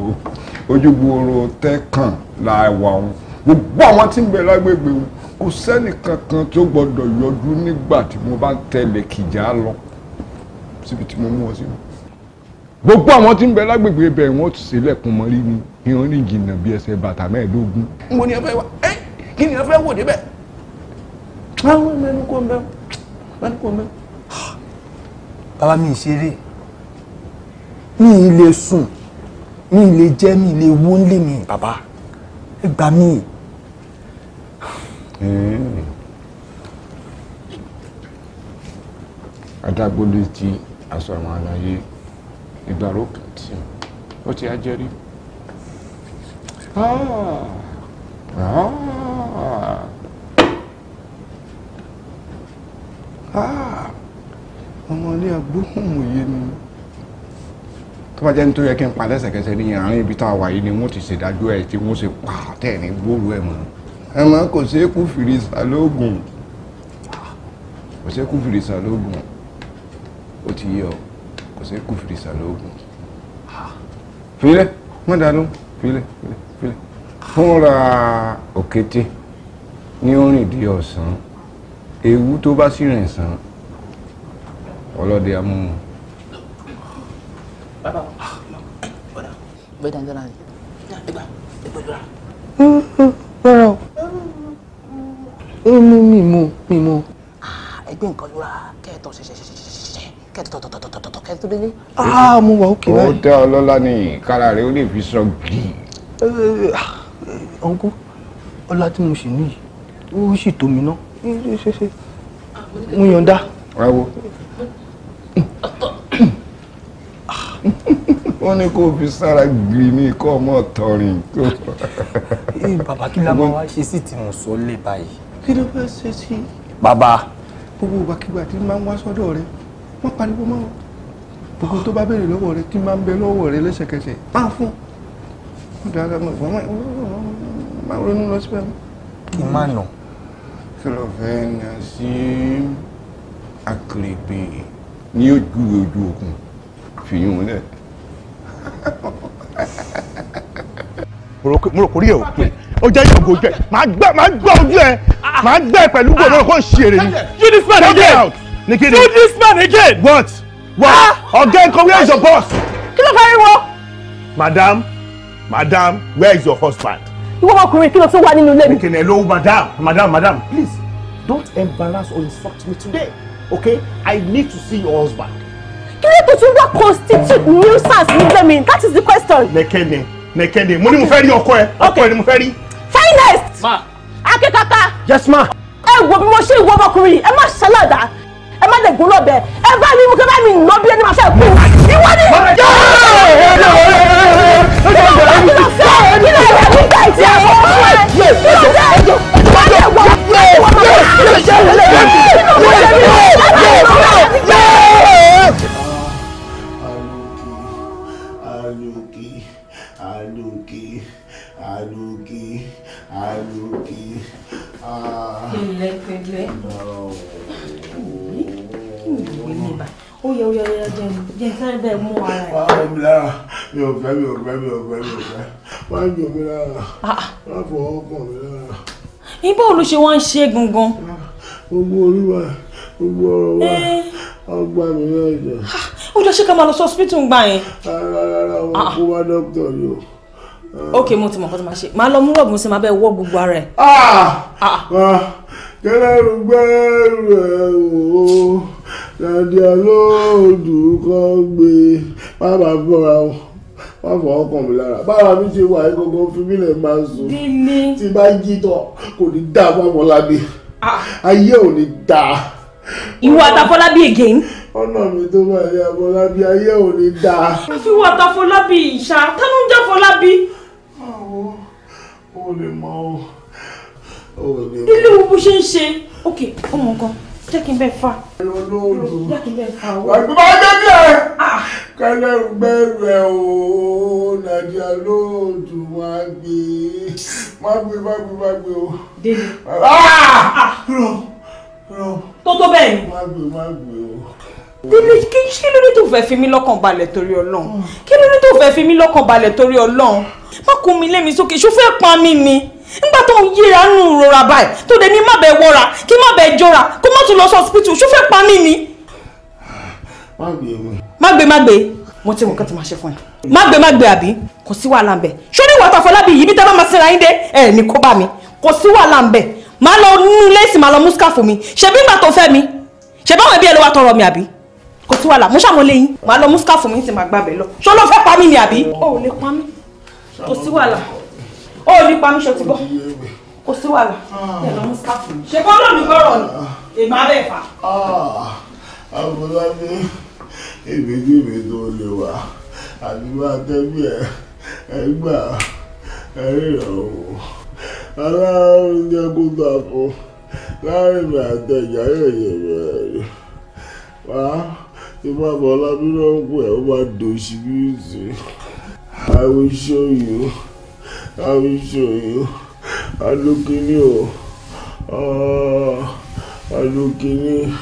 ojúgbòòrò tẹ́kàn la wà o gbogbo àwọn tí ń bẹ lágbègbè o kò sẹ́nì kankan tó gbọ́dọ̀ yọjú nígbà tí mo bá ń tẹ̀lé kìjà lọ síbi tí mo mú ọ sí. Si gbogbo àwọn tí ń bẹ lágbègbè ibẹ̀ wọ́n ti sílẹ̀kùn mọ́rí ni ìran ní ìjìnà bíi ẹsẹ̀ bàtà mẹ́ẹ̀ẹ́dógún. mo ní ẹ fẹ́ wá ẹ kí ni ẹ fẹ́ wò débẹ̀. àwọn mẹ́nu kò ń bẹ́ mẹ́nu kò ń bẹ́. bàbá mi ìṣeré mi ì lè sùn mi ì lè jẹ mi ì lè wó ń lè mi bàbá ẹ gbà mí. adágbólé ti aṣọ àwọn aláyé ìgbàrò kan tí ó ti ajẹ́rí. Ah, ah, ah, ọmọ ilé agbóhùnmòye ni tó bá jẹ́ nítorí ẹ kí n pa lẹ́sẹ̀kẹsẹ̀ ní àárín ibi tá a wà yìí ni wọ́n ti ṣèdájọ́ ẹ̀ tí wọ́n ṣe pa tẹ̀ ní gbòòrò ẹ̀ mọ́ ẹ máa kò ṣeé kú fìrìsà lóògùn kò ṣeé kú fìrìsà lóògùn ó ti yé ọ kò sí kú fìrìsà lóògùn filẹ̀ wọ́n dànù filẹ̀ filẹ̀ filẹ̀ fúnra òkété ní orin ìdí ọ̀sán ewu tó bá sì rìn sàn ọlọ́dẹ amúmu. gbẹdàn dára ni ẹgbà ẹgbẹdùrà. rárá o mímú mímú mímú. Ah, ẹgbẹ́ nǹkan lóra kẹ́ẹ̀tọ́ ṣẹṣẹṣẹṣẹ kẹtọkẹtọkẹtọkẹtọkẹtọ tó dé ní. aa mo wà òkè báyìí. ó dá ọ lọ́lá ní ìkárà rẹ ó lè fi sọ gíì. ọ̀nkú ọlá tí mo sì ní yìí ó sì tó mi ná mo yọ̀ǹda. ẹ wo wọ́n ní kó fi sára gbìn ní ikọ́ ọmọ tọrin tó. bàbá kí la máa wá ṣe sí tí mo sọ lè báyìí má pariwo mọ́ gbogbo tó bá béèrè lọ́wọ́ rẹ tí máa ń bẹ lọ́wọ́ rẹ lẹ́sẹ̀kẹsẹ̀ máa fún má ronú lọ síbẹ̀ mọ́. kí n má nà. kí ló fẹ́ nà sí akèrègbè ní ojú ojú òkun fìyún lẹ̀. mo rò kórìí ẹ̀ ò pé ó jẹ́ yòókù jẹ́ màá gbá ojú ẹ̀ màá gbẹ́ pẹ̀lú gbòòrò kó ṣe èrè ni. you dey find out. Nikini. Do this man again. What? What? Ah! Again, come, where is your boss? Kí ló fẹ́ rí wọn? Madam, madam, where is your husband? Ìwọ ọkùnrin kí ló tún wá nínú ilé mi? Nikini, hello, madam, madam, madam, please don't embarrass or insult me today, okay? I need to see your husband. Kí ló tó tún wá constitute nuisance nílé mi? That is the question. Nikini, Nikini, mo ní mo fẹ́ rí ọkọ ẹ, ọkọ ẹ ni mo fẹ́ rí. Finest! Ma. Yes, ma. Ẹ wo bí mo ṣe ìwọ ọmọkùnrin, ẹ má ṣàlàdà ẹ má lè gúnlọ bẹ ẹ bá mi mú kí ẹ bá mi nà bí ẹni máa fẹ́ kú ìwọ ni. Yeah! ó yẹ ó yẹ ó yẹ jẹ jẹ sáré bẹ́ẹ̀ mú ara ẹ̀. wàá mi lára mi ò fẹ́ mi ò fẹ́ mi ò fẹ́ mi ò fẹ́ wàá jò mí lára ah. wàá fọwọ́ kàn mí lára. ibà ò ló ṣe wá ń ṣe gangan. gbogbo olúwa gbogbo ọ̀rọ̀ wa ọgbà eh. mi náà jẹ. Ah, ó jọ ṣé ká máa lọ sí ọsibítù ń gbà yẹn. rárá rárá wọn ah. kó wá dókítà ni o. ok mo ti mọ̀ kó tó máa ṣe máa lọ mú rọ̀gùn sí máa bẹ́ẹ̀ wọ́ gbogbo ara ẹ̀. kẹlẹ́rù gbẹ́rù ẹ̀ wò ó dàdí olóòdù kọ́ gbé má bàa fọ́ra wọn má fọ ọkàn mi lára báwa mi ṣe wà ní gbogbo fífílẹ̀ máa ń sùn tí bá jí tọ kò ní dáa fọmọlábí ah. ayé ò ní dáa. ìwọ àtàfọlábí again ọ̀nà mi tó bá ilé afọlábí ayé ò ní dáa. ìfiwọ́ ta fọlábí ìṣá tánú ń jẹ́ fọlábí. àwọn ò lè mọ ò lè mọ. ilé wo bó ṣe ń ṣe ok ọmọ kan jẹ́ kí n bẹ fa. olóòlù wà á gbọ́ jẹ́jẹ́ kẹlẹ́ gbẹ́rẹ̀ o nàdíà lóòdù wá gbé má gbé má gbé má gbé o. délé rọ ah! ah! rọ. tó tó bẹ́ẹ̀ ni. má gbé má gbé o. délé kí ló dé tó fẹ́ fi mí lọ́kàn balẹ̀ torí ọlọ́run hmm. kí ló dé tó fẹ́ fi mí lọ́kàn balẹ̀ torí ọlọ́run má kó mi lémi sókè ṣó fẹ́ pa mí ni nígbà tó ń yíra nù rọra báyìí tó dé ní má bẹ wọra kí má bẹ jọra kó má tún lọ sí hospital ṣó fẹ́ pa mí ni. má gbé má gbé má gbé mo ti mọ nǹkan tí màá ṣe fún ẹ má gbé má gbé àbí kò sí wàhálà ńbẹ sórí ìwà àtàfọlábí yìí bí tá a bá máa sinra yín dé ẹ ní kó bá mi kò sí wàhálà ńbẹ má lọ nú léèsì má lọ mú skáfù mi ṣèbí ìgbà tó fẹ́ mi ṣèbí àwọn ẹbí ẹ ló wá tọrọ mi àbí kò sí wàhálà mo ṣàmúlẹ̀ yín màá lọ mú skáfù mi ti máa gbàbẹ̀ lọ ṣó ló fẹ́ pa mí ni àbí. o ò lè pa mí kò sí wàhálà ó ní pàmíṣọ ti gbọ́ kò sí wàhálà ah. ẹ̀ lọ́mú skáfù mi. ṣe fa. Ah, gbọ́rọ̀ ni ah. èmi abẹ́ fà. àbúrò ah, ní èmi kí mi tó lè wà àti máa tẹ́bí ẹ ẹgbà ẹ̀rìnàwó aláàrùn jẹ́ kó tako láàrin mi àtẹ̀jà yẹ̀yẹ̀ bẹ̀rẹ̀ wá tí bàbá ọlábí náà ń pè ó máa dòṣì bí ìsìn I will show you àwíṣòyò alókìní o alókìní.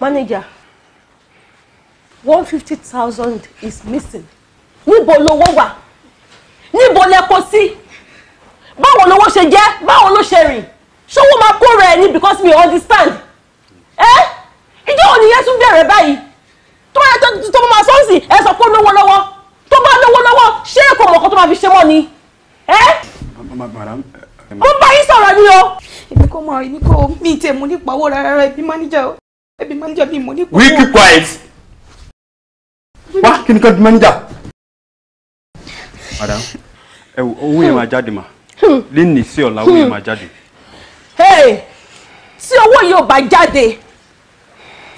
manager one fifty thousand is missing níbo lowó wà níbo lẹ kó sí báwo lowó ṣe jẹ́ báwo ló ṣe rìn ṣọwọ́ máa kó rẹ̀ ni because we understand ẹ́ ìjọ òní yẹn tún bẹ̀rẹ̀ báyìí tó máa tó máa sọ́ọ̀sì ẹ sọ ni ó bá yín sọ̀rọ̀ ni o. èmi kò mọ èmi kò mi tẹ mo nípa owó rárá ẹbí máníjà o ẹbí máníjà mi mo nípa owó. we keep quiet. wá kí ni ká di máníjà. madam ẹ wo owó yẹn máa jáde mà hmm. lẹ́nìí sí ọ̀la owó yẹn máa jáde. tí owó yìí ò bá jáde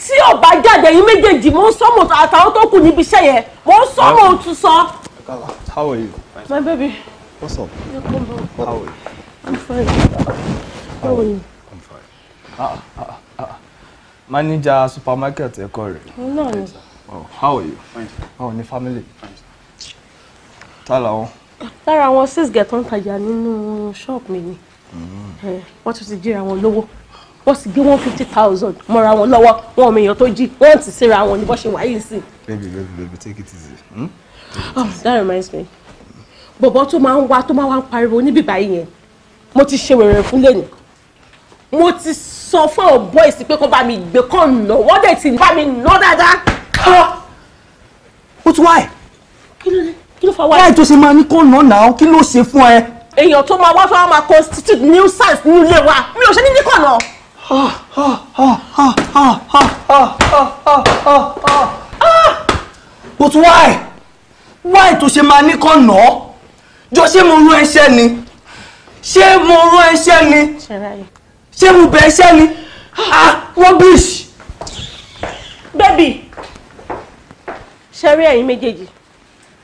tí ò bá jáde yín méjèèjì mo ń sọ́mọ̀ àtàwọn tó kù níbi iṣẹ́ yẹn mo ń sọ́mọ̀ òtún sọ. Baba, how are you? My baby. What's up? You're coming. How are you? I'm fine. How are you? I'm fine. Ah, ah, ah. ah. Manager supermarket ẹ̀kọ́ rẹ̀. No. Oh, how are you? Fine. Báwo oh, ni family? Fine. Tala làwọn? Lára àwọn sis get tó ń tajà shop, ṣọ́ọ̀bù What ni. the deal I want to lówó What's the gbé one fifty thousand mọ́ra wọn lọ́wọ́ wọn ò mèèyàn tó jí to see síra wọn ní bó ṣe wáyé sí. baby baby baby take it easy. Hmm? oh that reminds me bọ̀bọ̀ tó máa ń wá tó máa wá ń pariwo níbí báyìí yẹn mo ti ṣe wèrè fún lẹ́nu mo ti sọ fún àwọn boys pé kó bá mi gbé kó nà wọ́n dẹ̀ ti bá mi nà dáadáa. Ah! ó tún wá ẹ̀. kí ló kí ló fa wá ẹ̀. láì tó ṣe máa ní kó nà náà kí ló ṣe fún ẹ. èèyàn tó máa wá fún wa máa constitute nuisance ní ilé wa mi ò ṣe ní ní kó nà. tún wá ẹ̀ wáì tó ṣe máa ní kàn nà ọ́ jọ ṣé mo rán ẹṣẹ́ ni ṣé mo rán ẹṣẹ́ ni ṣé mo bẹ ẹṣẹ́ ni ah rubbish. bẹ́bí ṣe rí ẹ̀yin méjèèjì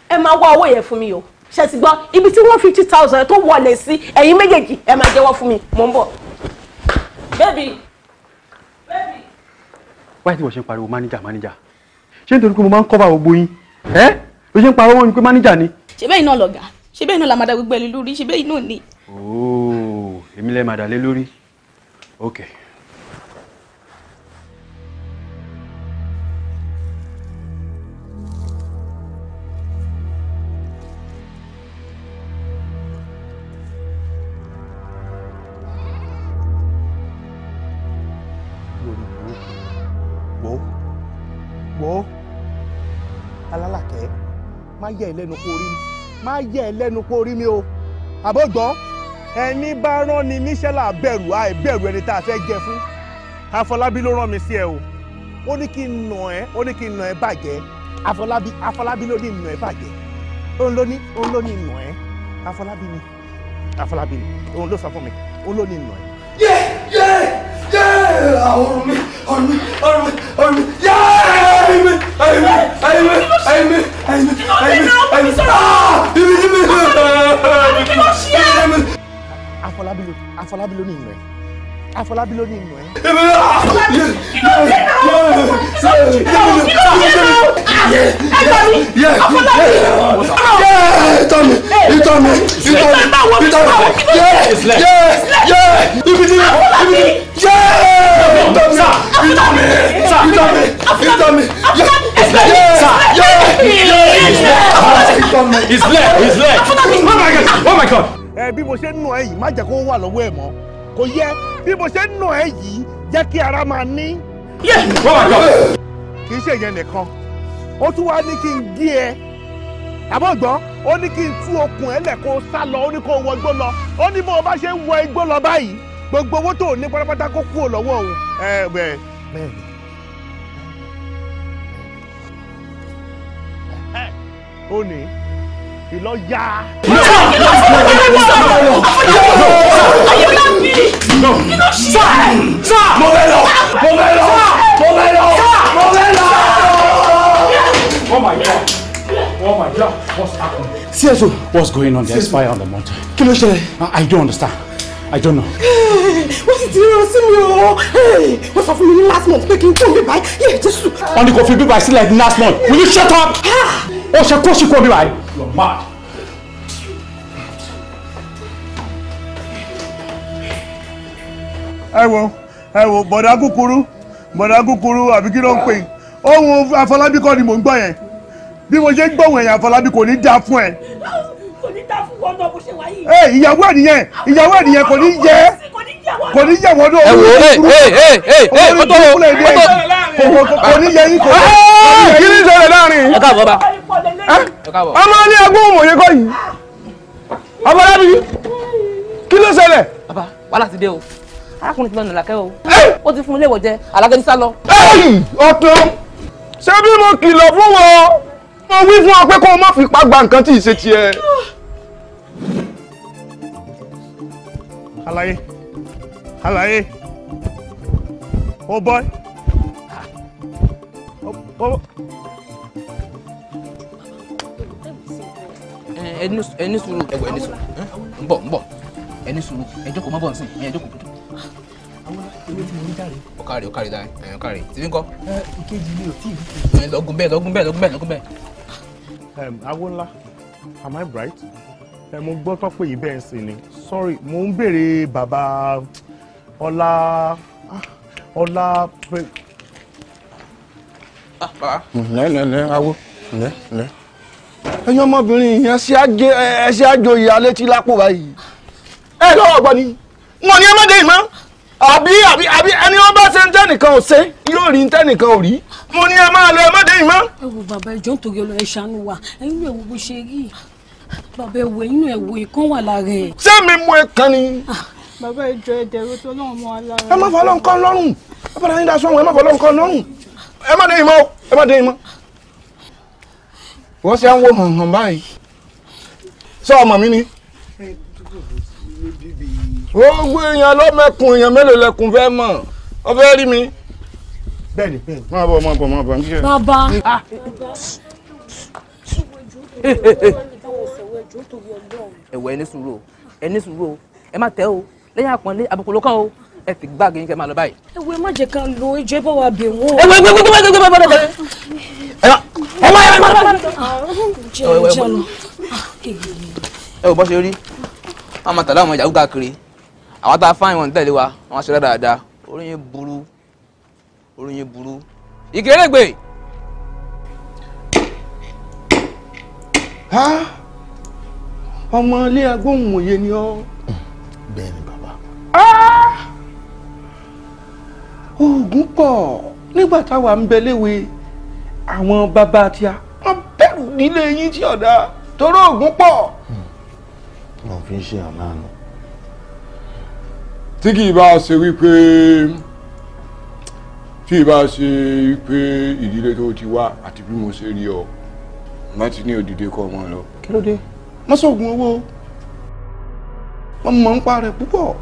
ẹ máa wá owó yẹn fún mi o ṣe ti gbọ́ ibi tí one fifty thousand tó wọlé sí ẹ̀yin méjèèjì ẹ máa jẹ́wọ́ fún mi mò ń bọ̀. bẹ́ẹ̀bì bẹ́ẹ̀bì. wáyé tí wọ́n ṣe ń pariwo máníjà máníjà ṣé nítorí pé mo máa ń kọ́ bá gbogbo yín o ṣe ń pariwo ni pé mánéjà ni. ṣe bẹ́ẹ̀ iná lọ̀gá ṣe bẹ́ẹ̀ iná làmàdà gbogbo ẹ̀lú lórí ṣe bẹ́ẹ̀ iná ni. ooo èmi lẹ́ẹ̀ màdà lé lórí ok. wo wo alálàkẹ́ má yẹ ẹ lẹ́nu kó rí mi má yẹ ẹ kó rí mi o àbọ̀gbọ́n ẹni bá rán ni níṣẹ́ là bẹ̀rù àì bẹ̀rù ẹni tá a fẹ́ jẹ fún Afọlábí ló rán mi sí ẹ o ó ní kí n nà ẹ ó ní kí n nà ẹ bàjẹ́ Afọlábí Afọlábí ló ní nà ẹ bàjẹ́ òun ló ní òun ló ní nà ẹ Afọlábí ni Afọlábí ni òun ló sọ fún mi òun ló ní nà ẹ. yé yé yé ọrùn mi ọrùn mi ọrùn mi ọrùn mi yé ẹyin mi ẹyin mi ẹyin mi ẹyin mi ẹ̀yin mi ẹ̀yin ah! mi ẹ̀yin ah ibi yìí mi. àfọlábí ló àfọlábí ló ní ìlú ẹ̀. Afọlábí ló ní ìnù ẹ. ìtọ́mi ìtọ́mi ìtọ́mi ìtọ́mi ibi ni ibi ìtọ́mi ìtọ́mi ìtọ́mi ìtọ́mi ìtọ́mi. It's black. It's black. Oh my God. Oh my God. Ẹ bí mo ṣe ń nù ẹ yìí, má jẹ́ kó wà lọ́wọ́ ẹ̀ mọ́ kò yẹ bí mo ṣe ń nà ẹ́ yìí jẹ́ kí ara máa ní. kì í ṣe ìyẹn nìkan ó tún wá ní kí n gé ẹ àbọ̀gbọ́n ó ní kí n tú okùn ẹ̀ lẹ̀ kó o sá lọ ó ní kó o wọ igbó lọ ó ní bó o bá ṣe ń wọ igbó lọ báyìí gbogbo owó tó ní pátápátá kó kúrò lọ́wọ́ òun. ẹ bẹ́ẹ̀ bẹ́ẹ̀ ni ó ní ìlọ yá yìí kí ló ṣe é. mo fẹ́ oh my god oh my god what's happening. CSO what's going on there's fire on the mountain. kí ló I don't understand I don't know. wọ́n sì ti rán sí mi o wọ́n sọ fún mi last month making kí n tó Yeah, just. yé jésù. coffee ní kò fi like last month will you shut up. Oh, she ṣe you coffee kó You're yìí. ẹ wo ẹ wo bọ̀dá kúkúrú bọ̀dá kúkúrú àbí kí ló ń pè ohun Afọlábí kọ́ ni mò ń gbọ́ yẹn bí mo ṣe ń gbọ́ wọ̀nyẹn Afọlábí kò ní dáa fún ẹ kò ní dá fún wọn náà bó ṣe wà yìí. ẹ ìyàwó ẹ nìyẹn ìyàwó ẹ nìyẹn kò ní yẹ kò ní yẹ wọn náà. ẹ wo ẹ ẹ ẹ ẹ ẹ o tó o tó kò ní yẹ yín kò ní yẹ yín. kí ni ìṣẹ̀lẹ̀ láàrin. ẹ káàbọ̀ bá. ọmọ ní ẹgbẹ́ òmòye kọ́ yìí Afọlábí kí ló ṣẹlẹ̀. baba wàhálà ti dé o arákùnrin ti lọ nàlákẹ́ o ó ti fún un léèwọ̀ jẹ alágẹ́ni sá lọ. ọ̀tún ṣé bí mo kìlọ̀ fún wọn mo wí fún ọ pé kó o má fipá gba nǹkan tí ì ṣe tiẹ̀. alaye alaye oh boy ah. oh, oh. Eh, ẹni sùúrù ẹwọ ẹni sùúrù ń bọ̀ ń bọ̀ ẹni sùúrù ẹ jókòó má bọ̀ nsìn ẹ jókòó jàre. ọ̀kàrè ọ̀kàrè dáa ẹ̀yìn ọ̀kàrè tìbí ńkọ́. ẹ eh, ìkejì mi ò tí ì rí. Eh, lọ́gùn bẹ́ẹ̀ lọ́gùn bẹ́ẹ̀ lọ́gùn bẹ́ẹ̀ lọ́gùn bẹ́ẹ̀. awo ńlá am I bright? ẹ mo gbọ́ tọ́pẹ́ yìí bẹ́ẹ̀ sì ni sorry mo ń béèrè bàbá ọlá ah, ọlá. lẹ́lẹ́lẹ́ ah, awo lẹ́lẹ́ ẹ̀yin ọmọbìnrin yẹn ẹ ṣe àjòyè alẹ́ tí lápò báyìí ẹ lọ́wọ́ gbọ́ ni wọn ni ẹ má dé ìmọ̀ àbí àbí àbí ẹni wọn bá ṣe ń tẹnìkan ò ṣe yóò rí ń tẹnìkan ò rí mo ní ẹ máa lọ ẹ má dé yìí mọ́. ẹ wo bàbá ìjọ nítorí ọlọ ẹ ṣàánú wa ẹ̀yin lè wo bó ṣe rí bàbá ẹwọ ẹ̀yin lè wo ìkan wà lára ẹ. ṣé mi mú ẹ kan ni. Ah. bàbá ìjọ ẹdẹ ro tó náà mọ alára. ẹ má fọ ọlọ́run kan lọ́rùn ẹ bá dáná sọ́run ẹ má fọ ọlọ́run kan lọ́rùn ẹ má dé yìí mọ́ ẹ má dé yìí mọ́. wọ́n ṣe à ń wo hàn hàn báyìí sọ ọmọ mi ni ogun èèyàn lọ́mẹkùn èèyàn mélòó lẹkùn fẹ́ mọ̀ ọ fẹ́ rí mi. bẹ́ẹ̀ni bẹ́ẹ̀ni. máa bọ̀ máa bọ̀ máa bọ̀ n kíkẹ́. bàbá. ẹ̀wọ̀ ẹni sùúrù o ẹni sùúrù o ẹ má tẹ́ o lẹ́yìn àpọ́nlé àbùkù ló kàn o ẹ ti gbàgé yín kẹ́ máa lọ báyìí. ẹ̀wọ̀ ẹ má jẹ́ ká lo ìjọ ẹ bá wa bẹ̀ wọ́n. ẹ̀wọ̀ ẹgbẹ́ gbogbo ẹgbẹ́ gbogbo ẹgbẹ́ ẹgbẹ́ ẹgbẹ́ ẹgbẹ́ ẹgbẹ́ ẹ àwọn tá a fáyìn wọn tẹ̀lé wa wọn ṣe dáadáa oríyìn burú oríyìn burú ìkérégbè. ọmọ ilé agbóhùnmòye ni ọ. bẹ́ẹ̀ ni bàbá. oògùn pọ̀ nígbà táwa ń bẹ léwe àwọn bàbá tí a wọ́n bẹ̀rù nílé yín tí ọ̀dà torí oògùn pọ̀. Hmm. wọn fi ń ṣe àná àná tí kì í bá ṣe wípé tí ì bá ṣe wípé ìdílé tó ti wá àti bí mo ṣe rí ọ láti ní òdìdé kọ ọmọ lọ. kí ló dé. mọ́sọ̀gùn owó wọ́n mọ̀ ń pa rẹ̀ púpọ̀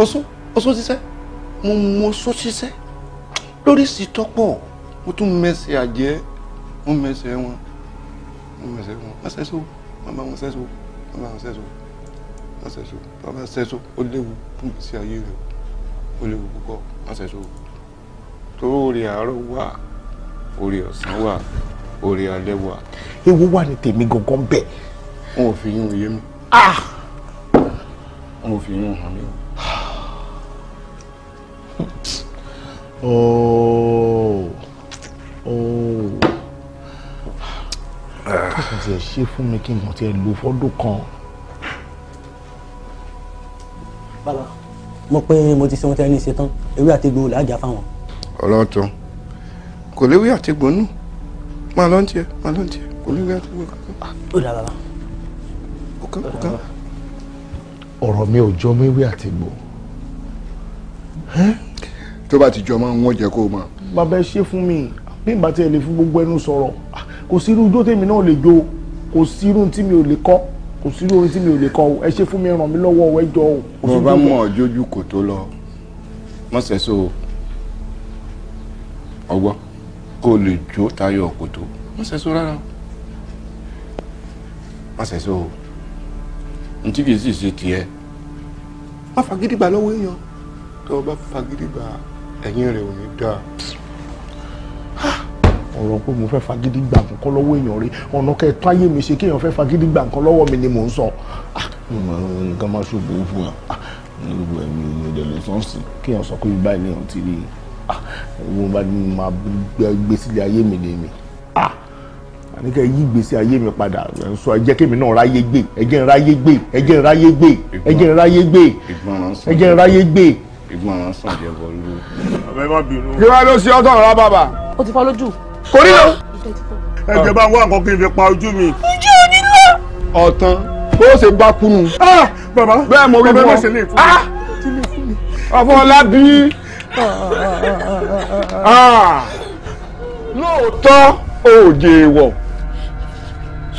oṣó oṣó ṣiṣẹ́ mo mọ oṣó ṣiṣẹ́ lórí sì tọ́pọ̀ mo tún mẹsẹ̀ àjẹ́ mo mẹsẹ̀ wọn mo mẹsẹ̀ wọn mẹsẹ̀ sọ wọn bá wọn sẹ́sọ wọn bá má ṣẹ̀ṣọ́ tó bá ṣẹ̀ṣọ́ ó léwu fún ìgbésí ayé rẹ ó léwu púpọ̀ má ṣẹ̀ṣọ́ torí orí àárọ̀ wà orí ọ̀sán wà orí alẹ́ wà. ewu wà ní tèmi gangan bẹ́ẹ̀. n ò fi yún oyé mi. Ah! n ò fi yún hàn mí kí n tiẹ̀ ṣe fún mi kí n tiẹ̀ lò fọ́dún kan. mọ̀ pé mo ti ṣe ohun tẹ́ni ṣe tán ewé àtegbò làájà fáwọn. ọlọ́tún kò léwé àtegbò nù máa lọ́n tiẹ̀ máa lọ́n tiẹ̀ kò léwé àtegbò kankan. Ah, ó dà bàbá. ọ̀kan ọ̀kan. ọ̀rọ̀ mi ò jọ mọ́ ewé àtegbò. tó bá ti jọ mọ́ wọn jẹ́ kó o mọ̀. bàbá ẹ ṣe fún mi bí ìgbà tí ẹ lè fún gbogbo ẹnu sọ̀rọ̀ kò sí irú ijó tèmi náà lè jó kò sí irú tí mi ò lè kọ́ kò sí orin tí mi ò lè kọ o ẹ ṣe fún mi ràn mí lọ́wọ́ o ẹ jọ o. bó o bá mọ̀ ọjọ́jú kò tó lọ mọ̀sẹ̀ so ọgbọ́n kó o lè jó tayọ ọ̀kòtò mọ̀sẹ̀ so rárá mọ̀sẹ̀ so n tí kìí sì ṣe tiẹ̀ má fagídí gbà lọ́wọ́ èèyàn tó o bá fagídí gbà ẹ̀yìn rẹ̀ ò ní dáa ọ̀rọ̀ pé mo fẹ́ fagídí gbà nǹkan lọ́wọ́ èèyàn rí ọ̀nà kẹtọ́ ayé mi ṣe kéèyàn fẹ́ fagídí gbà nǹkan lọ́wọ́ mi ni mò ń sọ. nǹkan máa ṣòbò fún wa nígbà mi ò kéèyàn sọ pé báyìí ni òun ti rí wọn ah, bá ní máa gbé sílé ayé mi lé mi àníkẹ́ ah, yí gbèsè ayé mi padà sọ ẹ jẹ́ kémi náà ráyé gbé ẹ jẹ́ ráyé gbé ẹ jẹ́ ráyé gbé ẹ jẹ́ ráyé gbé ẹ jẹ́ ráyé gbé ìgbọràn sàn jẹ bọ lóru. kí wàá ló ṣe ọtọ ọ̀rá bàbà. ó ti fọ́ lójú kò rí lọ. ẹ̀jẹ̀ bá ń wá nǹkan kí n fi pa ojú mi. ojú òní lọ. ọ̀tán bó ṣe bá kunu. Ah, baba, bẹ́ẹ̀ mo wí fún ọ. bàbá bẹ́ẹ̀ ṣe lè fún mi. Ah! Afọlábí. Ah! lóòótọ́ òòjè wọ̀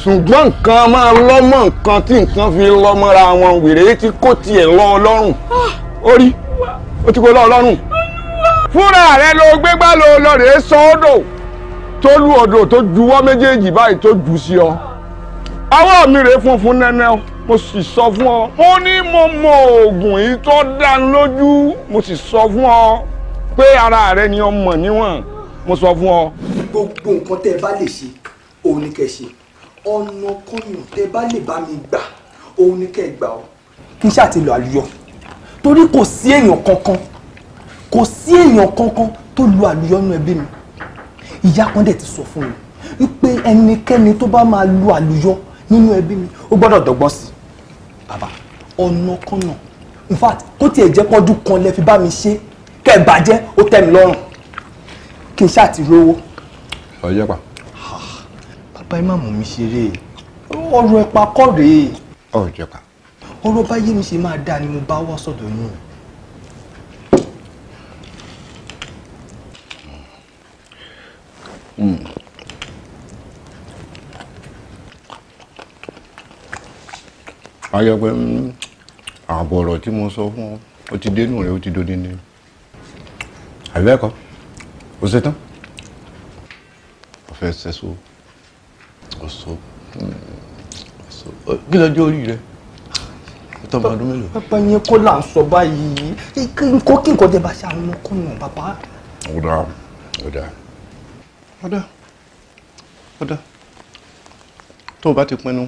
ṣùgbọ́n nǹkan máa lọ́mọ nǹkan tí nǹkan fi lọ́mọ́ra wọn wèrè tí kò tiẹ̀ lọ ọlọ́run orí o ti ko lọ ọlọ́run fúnra rẹ ló gbégbá lọ lọ rèé sọ́ọ́dọ̀ tó lù ọ̀dọ̀ tó juwọ́ méjèèjì báyìí tó jù sí ọ ọwọ́ mi rèé funfun nẹ́nẹ́ mo sì sọ fún ọ mo ní mo mọ oògùn yìí tó dáni lójú mo sì sọ fún ọ pé ara rẹ ni ọmọ níwọ̀n mo sọ fún ọ. gbogbo nǹkan tẹ́ ẹ bá lè ṣe òun ni kẹ́ ẹ ṣe ọ̀nà kọ́nà tẹ́ ẹ bá lè bá mi gbà òun ni kẹ́ ẹ gbà ọ́. kí n ṣáà ti lọ àlùyọ torí kò sí èèyàn kankan kò sí èèyàn kankan tó lu àlùyọ nínú ẹbí mi ìyá kan dẹ̀ ti sọ fún mi wípé ẹnikẹ́ni tó bá máa lu àlùyọ nínú ẹbí mi ó gbọ́dọ̀ dọ́gbọ́n sí bàbá ọ̀nà kan náà in fact kó tiẹ̀ jẹ́ pọ́dún kan lẹ fi bá mi ṣe kẹ́ ẹ bàjẹ́ ó tẹ́ mi lọ́rùn kí n ṣáà ti rówó. ọ̀yẹ́ pa. bàbá ẹ má mú mi ṣeré ọ̀rọ̀ ẹ̀pà kọ́ rèé. ọ̀jẹ̀ pa. ọ̀rọ̀ bá mi ṣe máa dáa ni mo bá wọ́ sọ́dọ̀ yín. Mm. a yẹ pé ààbọ̀ hmm, ọ̀rọ̀ tí mo sọ fún ọ ó ti dénú rẹ ó ti dodi ní àbẹ́ẹ̀kọ́ ó ṣe tán ọ̀fẹ́ ṣẹ́so ọ̀ṣọ́ kí lọ́jọ́ orí rẹ tọmọ ọdún mélòó. pápá yẹn kọ́ là ń sọ báyìí kó kí nǹkan tẹ bá ṣe àwọn ọmọkùnrin bàbá. ó dáa ó dáa ọ̀dà ọ̀dà tó o bá ti pinnu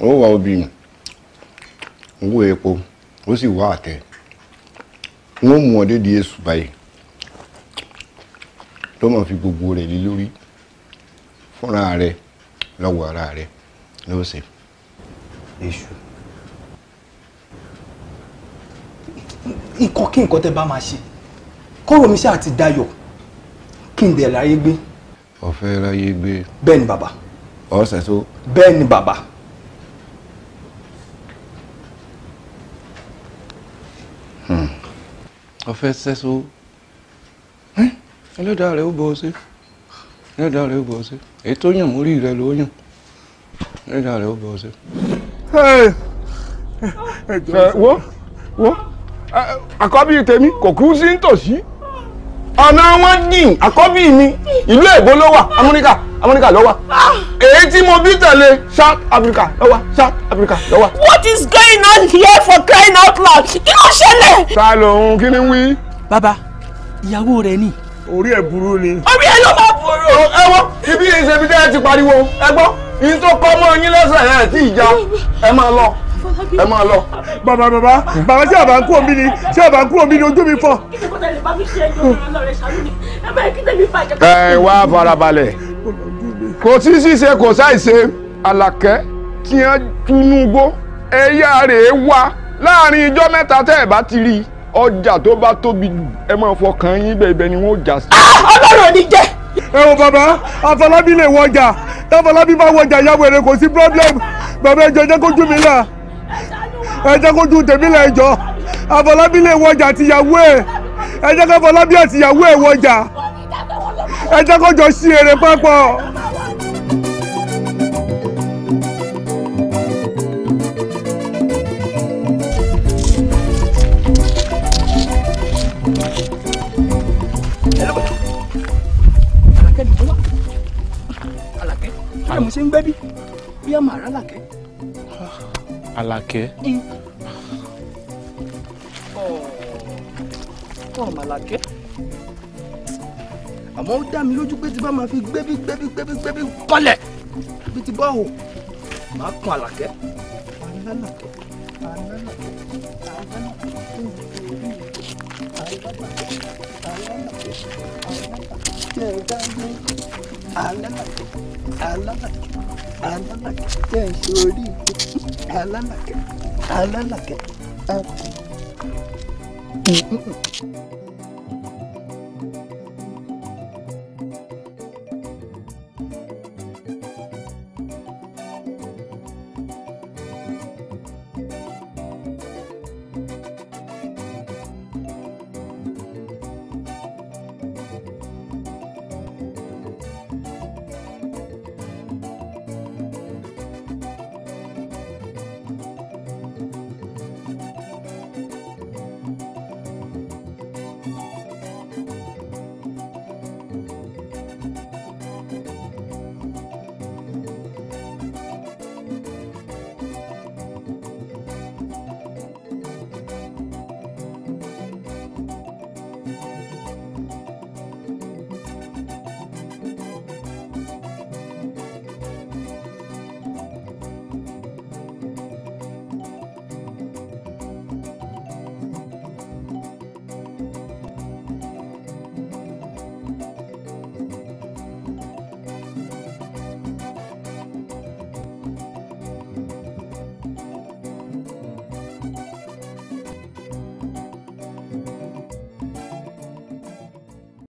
ó wà obì owó epo ó sì wá àtẹ wọn mú ọdẹ di èṣù báyìí ló máa fi gbogbo rẹ̀ lé lórí fúnra rẹ̀ lọ́wọ́ ara rẹ̀ ló ṣe. èṣù nǹkan kí nǹkan tẹ́ bá máa ṣe kọ́rọ̀ mi ṣáà ti dayọ̀ kí n dẹ̀ láyé gbé. ọ̀fẹ́ láyé gbé. bẹ́ẹ̀ ni bàbá. ọ̀sẹ̀ tó. bẹ́ẹ̀ ni bàbá. Hmm. ọ̀fẹ́ sẹ́so ẹlẹ́dàá rẹ̀ ó bọ̀ ọ́ sí ẹlẹ́dàá rẹ̀ ó bọ̀ ọ́ sí èyí tó yàn mórí rẹ̀ ló yàn ẹlẹ́dàá rẹ̀ ó bọ̀ ọ́ sí. wo wo àkọ́bí tèmi kò kú sí nítòsí ọ̀nà wọn dì àkọ́bí mi ìlú èbó ló wà amúníkà amúníkà ló wà ah. èyí tí mo bí tẹ̀lé south africa ló wà south africa ló wà. what is going on here for crying out loud kí ló ṣẹlẹ̀. ta lòun kí ni wí. bàbá ìyàwó rẹ ni. orí ẹ burú ni. orí ẹ ló máa burú. ẹ wọ́n ibi ìṣẹ́bi tẹ́ ẹ ti pariwo ẹ gbọ́ ìyí tó kọ́ mọ́ yín lẹ́sẹ̀ ẹ̀ tí ì ẹ máa lọ ẹ máa lọ. bàbá bàbá bàbá ṣé àbá ń kú omi ni ṣé àbá ń kú omi ni ojú mi fọ. ẹ wá farabalẹ̀ kò sí ṣíṣe kò ṣàìṣe àlàkẹ́ tí wọ́n túnúgbó ẹ̀yà rẹ̀ wá láàrin ijọ́ mẹ́ta tẹ́ ẹ̀ bá ti rí ọjà tó bá tóbi jù ẹ máa fọkàn yín bẹ̀ẹ̀bẹ̀ ni wọ́n jà sí. Ah, ọlọ́run ni jẹ́. ẹ wo bàbá àfọlábí lè wọjà táfọlábí bá wọjà ìyàwó èrè kò sí problem bàbá ẹjọ jẹ́ kójú mi là ẹ jẹ́ kó dùn tèmi lẹ́jọ́ Àfọlábí lè wọjà àtìyàwó ẹ̀ ẹ jẹ́ kó Àfọlábí àtìyàwó ẹ̀ wọjà ẹ jẹ́ kó jọ ṣí eré papọ̀. Àlàkẹ́ ni mo wá Àlàkẹ́ kí ni mo ṣe ń gbẹ́ bí bí àmàrà Àlàkẹ́. Àlàkẹ́. ọ̀hún Àlàkẹ́ àmọ́ ó dá mi lójú pé tí bá máa fi gbébí gbébí gbébí gbébí kọlẹ̀ bí ti bọ́ ò I kan it. I Àlàkẹ́ it. I Àlàkẹ́ it alálàkẹ́ jẹ́ ń ṣe orí ìgbẹ́ alálàkẹ́